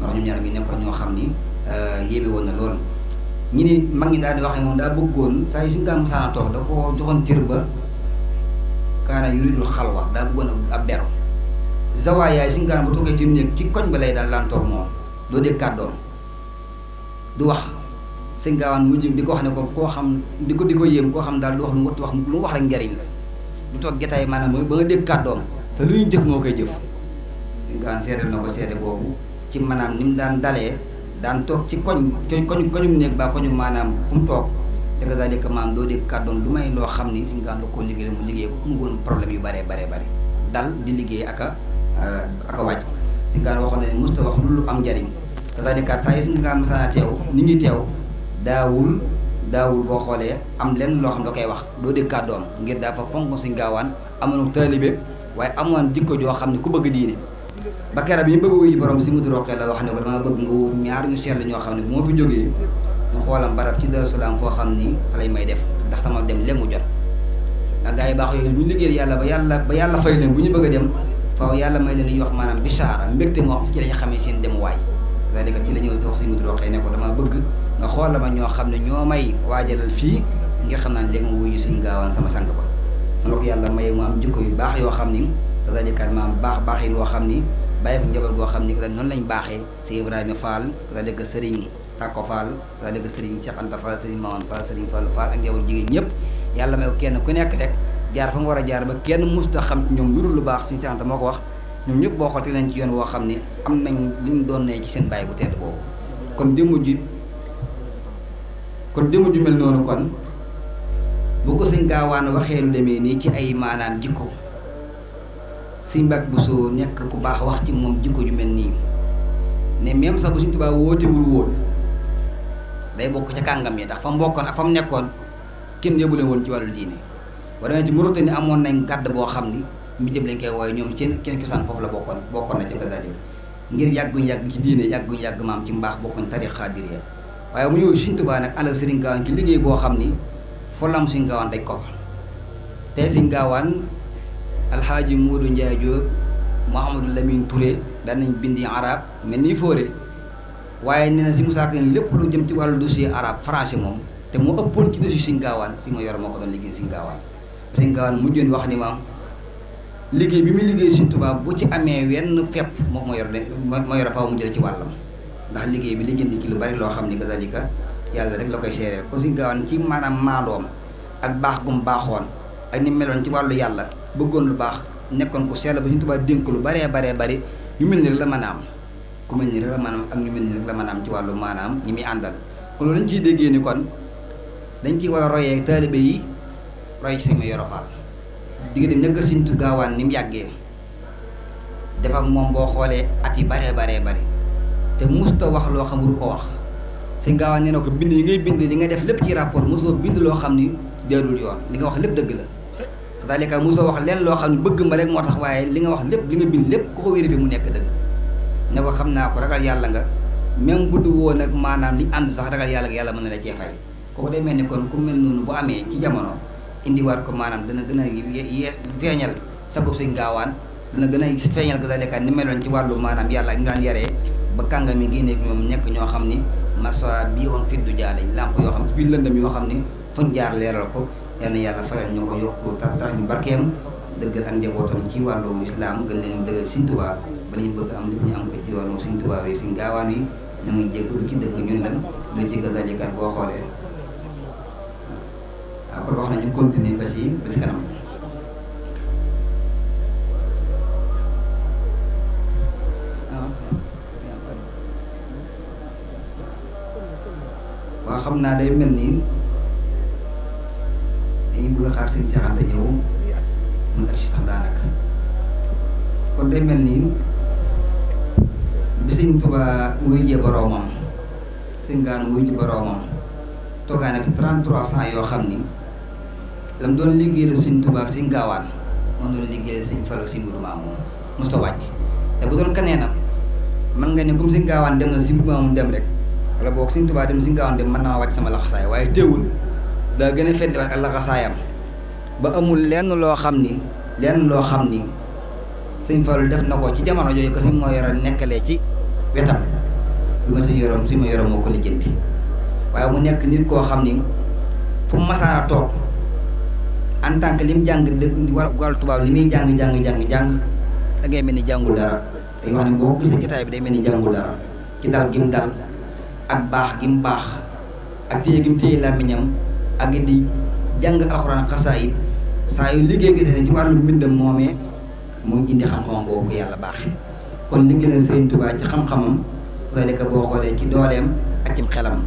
ndax ñun ñaar ñi nekkoon ñoo xam ni euh, yéeme woon na loolu. ñi ne mag ñi daal di wax ne moom daa bëggoon saa yu suñu gàmm saana toog da ko joxoon cër ba kaana yuridul xalwa daa bëggoon ab beru zawaay yaay suñu gàmm bu toogee ci néeg ci koñ ba lay daal laan toog moom doo dégg kàddoom du wax sëñ gaawaan mujj di ko wax ne ko koo xam di ko di ko yéem koo xam daal du wax lu mu wax lu mu wax rek njariñ la du toog jotaay maanaam mooy ba nga dégg kàddoom lu ñu jëf moo koy jëf suñu gaawaan seedeel ko seede boobu ci maanaam ni mu daan dalee daan toog ci koñ koñ mu néeg baa koñu maanaam fu mu toog te kazalika maam doo dégg kàddoom lu may loo xam ni suñu gaan da koo liggéey mu liggéey ko mu woon problème yu baree baree bare dal di liggéey ak a euh, a wàcc suñu gaan waxoon ne musta wax lu am njariñ kazalika saa yi suñu gaan masaana teew nit ñi teew daawul daawul boo xoolee am lenn loo xam da koy wax doo dégg kàddoom ngir daa fa fonk si gaawaan amoon taalibe waaye amoon jikko joo xam ne ku bëgg diine ba keroog bi ñu bëgg wuyu borom si mudu roqee la wax ne ko dama bëgg nga wut ñoo xam ne bu ma fi jógee mu xoolam barab ci Darou Salaam foo xam ni fa may def ndax sama dem lépp mu jot ndax yi baax yooyu bu ñu yàlla ba yàlla ba yàlla fay leen bu ñu bëgg a dem faaw yàlla leen li ñuy wax maanaam bisaara moo xam ci seen dem waay cest à la ñëw toog ne ko dama bëgg nga xoola ma ñoo xam ne ñoo may waajalal fii ngir xam naan léegi ma si suñ gaawaan sama sang ba man ko yàlla may mu am jikko yu baax yoo xam ni c'est-à-dire que maam baax baax yi woo xam ni bàyyi fa njaboot goo xam ni que noonu lañu baaxee si Ibrahima Fall kadalika Serigne Tako Fall kadalika Serigne Cheikh Anta Fall Serigne Mawane Fall Serigne Fall Fall ak njaboot jigéen ñëpp yàlla may ko kenn ku nekk rek jaar fa mu war a jaar ba kenn musta xam ñoom lu dul lu baax suñ Cheikh moo ko wax ñoom ñëpp boo xool te leen ci yoon woo xam ne am nañ li doon nee ci seen bàyyi bu tedd boobu kon démb ji kon démb ju mel noonu kon bu ko sëñ gaawaan waxee ci ay maanaam jikko sëñ Mbàkke Bousso nekk ku baax wax ci moom jikko ju mel nii ne même sax bu sëñ Tuubaa wootewul woon day bokk ca kàngam yi tax fa mu bokkoon ak fa mu nekkoon kenn yóbbu leen woon ci wàllu diine boo demee ci Mauritanie amoon nañ gàdd boo xam ni mu jëm lañ koy wooye ñoom seen seen cosaan foofu la bokkoon bokkoon na ci gàddaal ngir yàgguñ yàgg ci diine yàgguñ yàgg maam ci mbaax bokkuñ tarix xaadiriya waaye mu ñëw Sëñ Tuubaa nag alal Sëriñ Gaawaan ci liggéey boo xam ni folam Sëñ Gaawaan dañ ko fa te Gaawaan alxaaji Moodu Njaay Jóob Mouhamadou Lamine Touré daan nañ bindi araab mel ni fóore waaye nee na si Moussa Kane lépp lu jëm ci wàllu dossier arabe français moom te mu ëppoon ci dossier Sëñ Gaawaan si ma yor moo ko doon liggéey Sëñ Gaawaan Sëñ Gaawaan mujjoon wax ni ma liggéey bi muy liggéey Sëñ Tuubaa bu ci amee wenn fepp moom ma yor de ma yor faaw mu jël ci wàllam ndax liggéey bi li liggéey ci lu bari loo xam ni kazalika yàlla rek la koy seereel kon Sëñ Gaawaan ci maanaam maandoom ak baax gum baaxoon ak ni meloon ci wàllu yàlla bëggoon lu baax nekkoon ku sell ba suñu tubaab dénk lu baree baree bari ñu mel ni rek la manaam a am ku mel ni rek la mën ak ñu mel ni la mën a ci wàllu maanaam ñi muy àndal kon loolu lañ ciy déggee ni kon dañ ciy war a royee taalibe yi roy ci suñu yorofaal di nga dem nekk suñu gaawaan ni mu yàggee def ak moom boo xoolee at yi baree baree bari te musta wax loo xam ru ko wax suñ gaawaan nee na ko bind yi ngay bind li nga def lépp ci rapport mosoo bind loo xam ni deelul yoon li nga wax lépp dëgg la dalika musa wax leen loo xam ne bëgg ma rek moo tax waaye li nga wax lépp li nga bind lépp ku ko wéri bi mu nekk dëgg ne ko xam naa ko ragal yàlla nga même bu du woon maanaam li ànd sax ragal yàlla nga mën na la cee fay kooku ni kon ku mel noonu bu jamono indiwaat ko maanaam dana gën a yee feeñal sagub suñ gaawaan dana gën a feeñal ko dalika ni meloon ci wàllu maanaam yàlla ak ñu daan yaree ba kàngam mi génneeg nekk ñoo xam ni masa bii oon fiddu jaaleñ làmp yoo xam ci biir lëndam yoo xam ni fuñ jaar leeral ko yal na yàlla fayal ñu ko yokku tax tax ñu barkeem dëggal ak njabootam ci wàllu islam gën leen dëggal Sëñ Tuubaa ba bëgg am lépp ñu am ko ci yoonu Sëñ Tuubaa yi Sëñ wi ñu ngi jégg lu ci dëgg ñun lan lu ci gazalikat boo xoolee waaw kon wax nañu continuer ba si ba si kanam ah, waaw xam naa day mel nii dañuy bëgg a xaar seen seexante te ñëw mun ak si sax daanaka kon day mel nii bi sëñ Tuubaa muy jee boroomam sëñ Gaana muy ji boroomam toogaane fi 33 cent yoo xam ni lam doon liggéeyal sëñ Tuubaa ak sëñ Gaawaan moom doon liggéeyal sëñ Fallu sëñ Moodu Maamun mos ta wàcc te bu doon kaneenam man nga ne comme sëñ Gaawaan dem na si bu maamum dem rek wala boog sëñ Tuubaa dem sëñ Gaawaan dem mën naa wàcc sama laxasaay waaye teewul daa gën a feddiwaat ak laxasaayam ba amul lenn loo xam ni lenn loo xam ni sëñ Fallu def na ko ci jamono jooju ko sëñ moo yoro nekkalee ci wetam lu ma sëñ yoroom sëñ ma yoroom moo ko lijjanti waaye mu nekk nit koo xam ni fu mu masaana toog en tant li mu jàng dëgg war wàllu tubaab li muy jàng jàng jàng jàng da ngay mel ni jàngul dara dañu wax ne boo gisee jotaay bi day mel ni jàngul dara ci dal gi mu dal ak baax gi mu baax ak téye gi mu téye làmmiñam ak it di jàng alxuraan xasaayid saa yu liggéey gis ne ci wàllu mbindam moomee mu ngi indi xam-xamam boobu yàlla baaxee kon liggéey leen Serigne Touba ci xam-xamam zalika boo xoolee ci dooleem ak ci xelam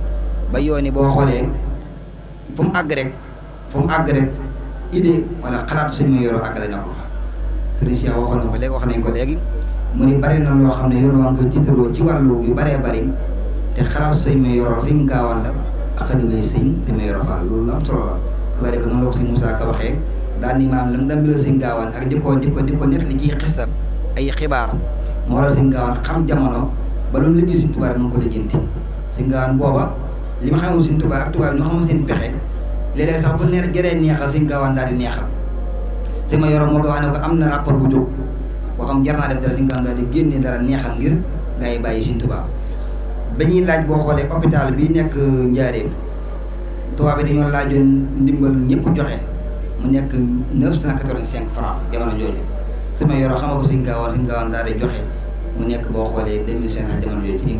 ba yoon yi boo xoolee fu mu àgg rek fu mu àgg rek idée wala xalaat suñ mu yoroo àggale na ko Serigne Cheikh waxoon na ko léegi wax nañ ko léegi mu ni bari na loo xam ne yoroo waa ngi tiitaroo ci wàllu yu baree bari te xalaat suñ mu yoroo suñ ak xalimay sëñ bi may rafaal loolu am solo la waaye que noonu la ko sëñ Moussa Ka waxee daal ni maam la mu daan bi la sëñ gaawaan ak di ko di ko di ko nettali ci xista ay xibaar moo waral sëñ gaawaan xam jamono ba lu mu liggéey sëñ Tuubaa mu ngi ko lijjanti sëñ gaawaan booba li ma xamoon sëñ Tuubaa ak Tuubaa bi ñoo xamoon seen pexe léeg-léeg sax bu neex jëree neexal sëñ gaawaan daal di neexal sëñ ma yoroon moo ko wax ne ko am na rapport bu jóg boo xam jar naa def dara sëñ gaawaan daal di génnee dara neexal ngir gaa yi bàyyi sëñ Tuubaa ba ñuy laaj boo xoolee hôpital bi nekk Njaaréem tubaab bi dañoo laajoon ndimbal ñëpp joxe nekk neuf cent quatre-vingt-cinq francs jamono jooju sama yoroo xam nga ko suñ gaawaan suñ gaawaan daal joxe mu nekk boo xoolee deux mille cinq cent jamono jooju ci liñ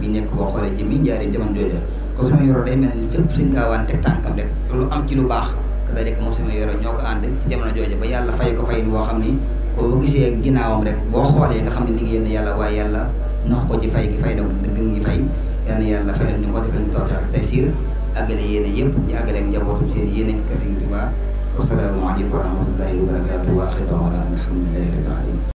bi nekk boo xoolee jëmi Njaaréem jamono jooju ko sama yoroo day mel ni fépp suñ gaawaan teg tànkam rek lu am ci lu baax te day rek moom sama yoroo ñoo ko ànd ci jamono jooju ba yàlla fay ko fay woo xam ni boo gisee ginnaawam rek boo xoolee nga xam ne liggéey na yàlla waaye yàlla nax ko di fay gi fay doog dëgg ngi fay yal na yàlla fayal ñu ko defal ñu tawfiq ak taysiir àggale yéene yëpp ñu àggale ak njabootum seen yéene kese gi Tuubaa asalaamaaleykum wa rahmatullahi wa barakaatu wa axiru da'waana alhamdulillahi rabbil aalamiin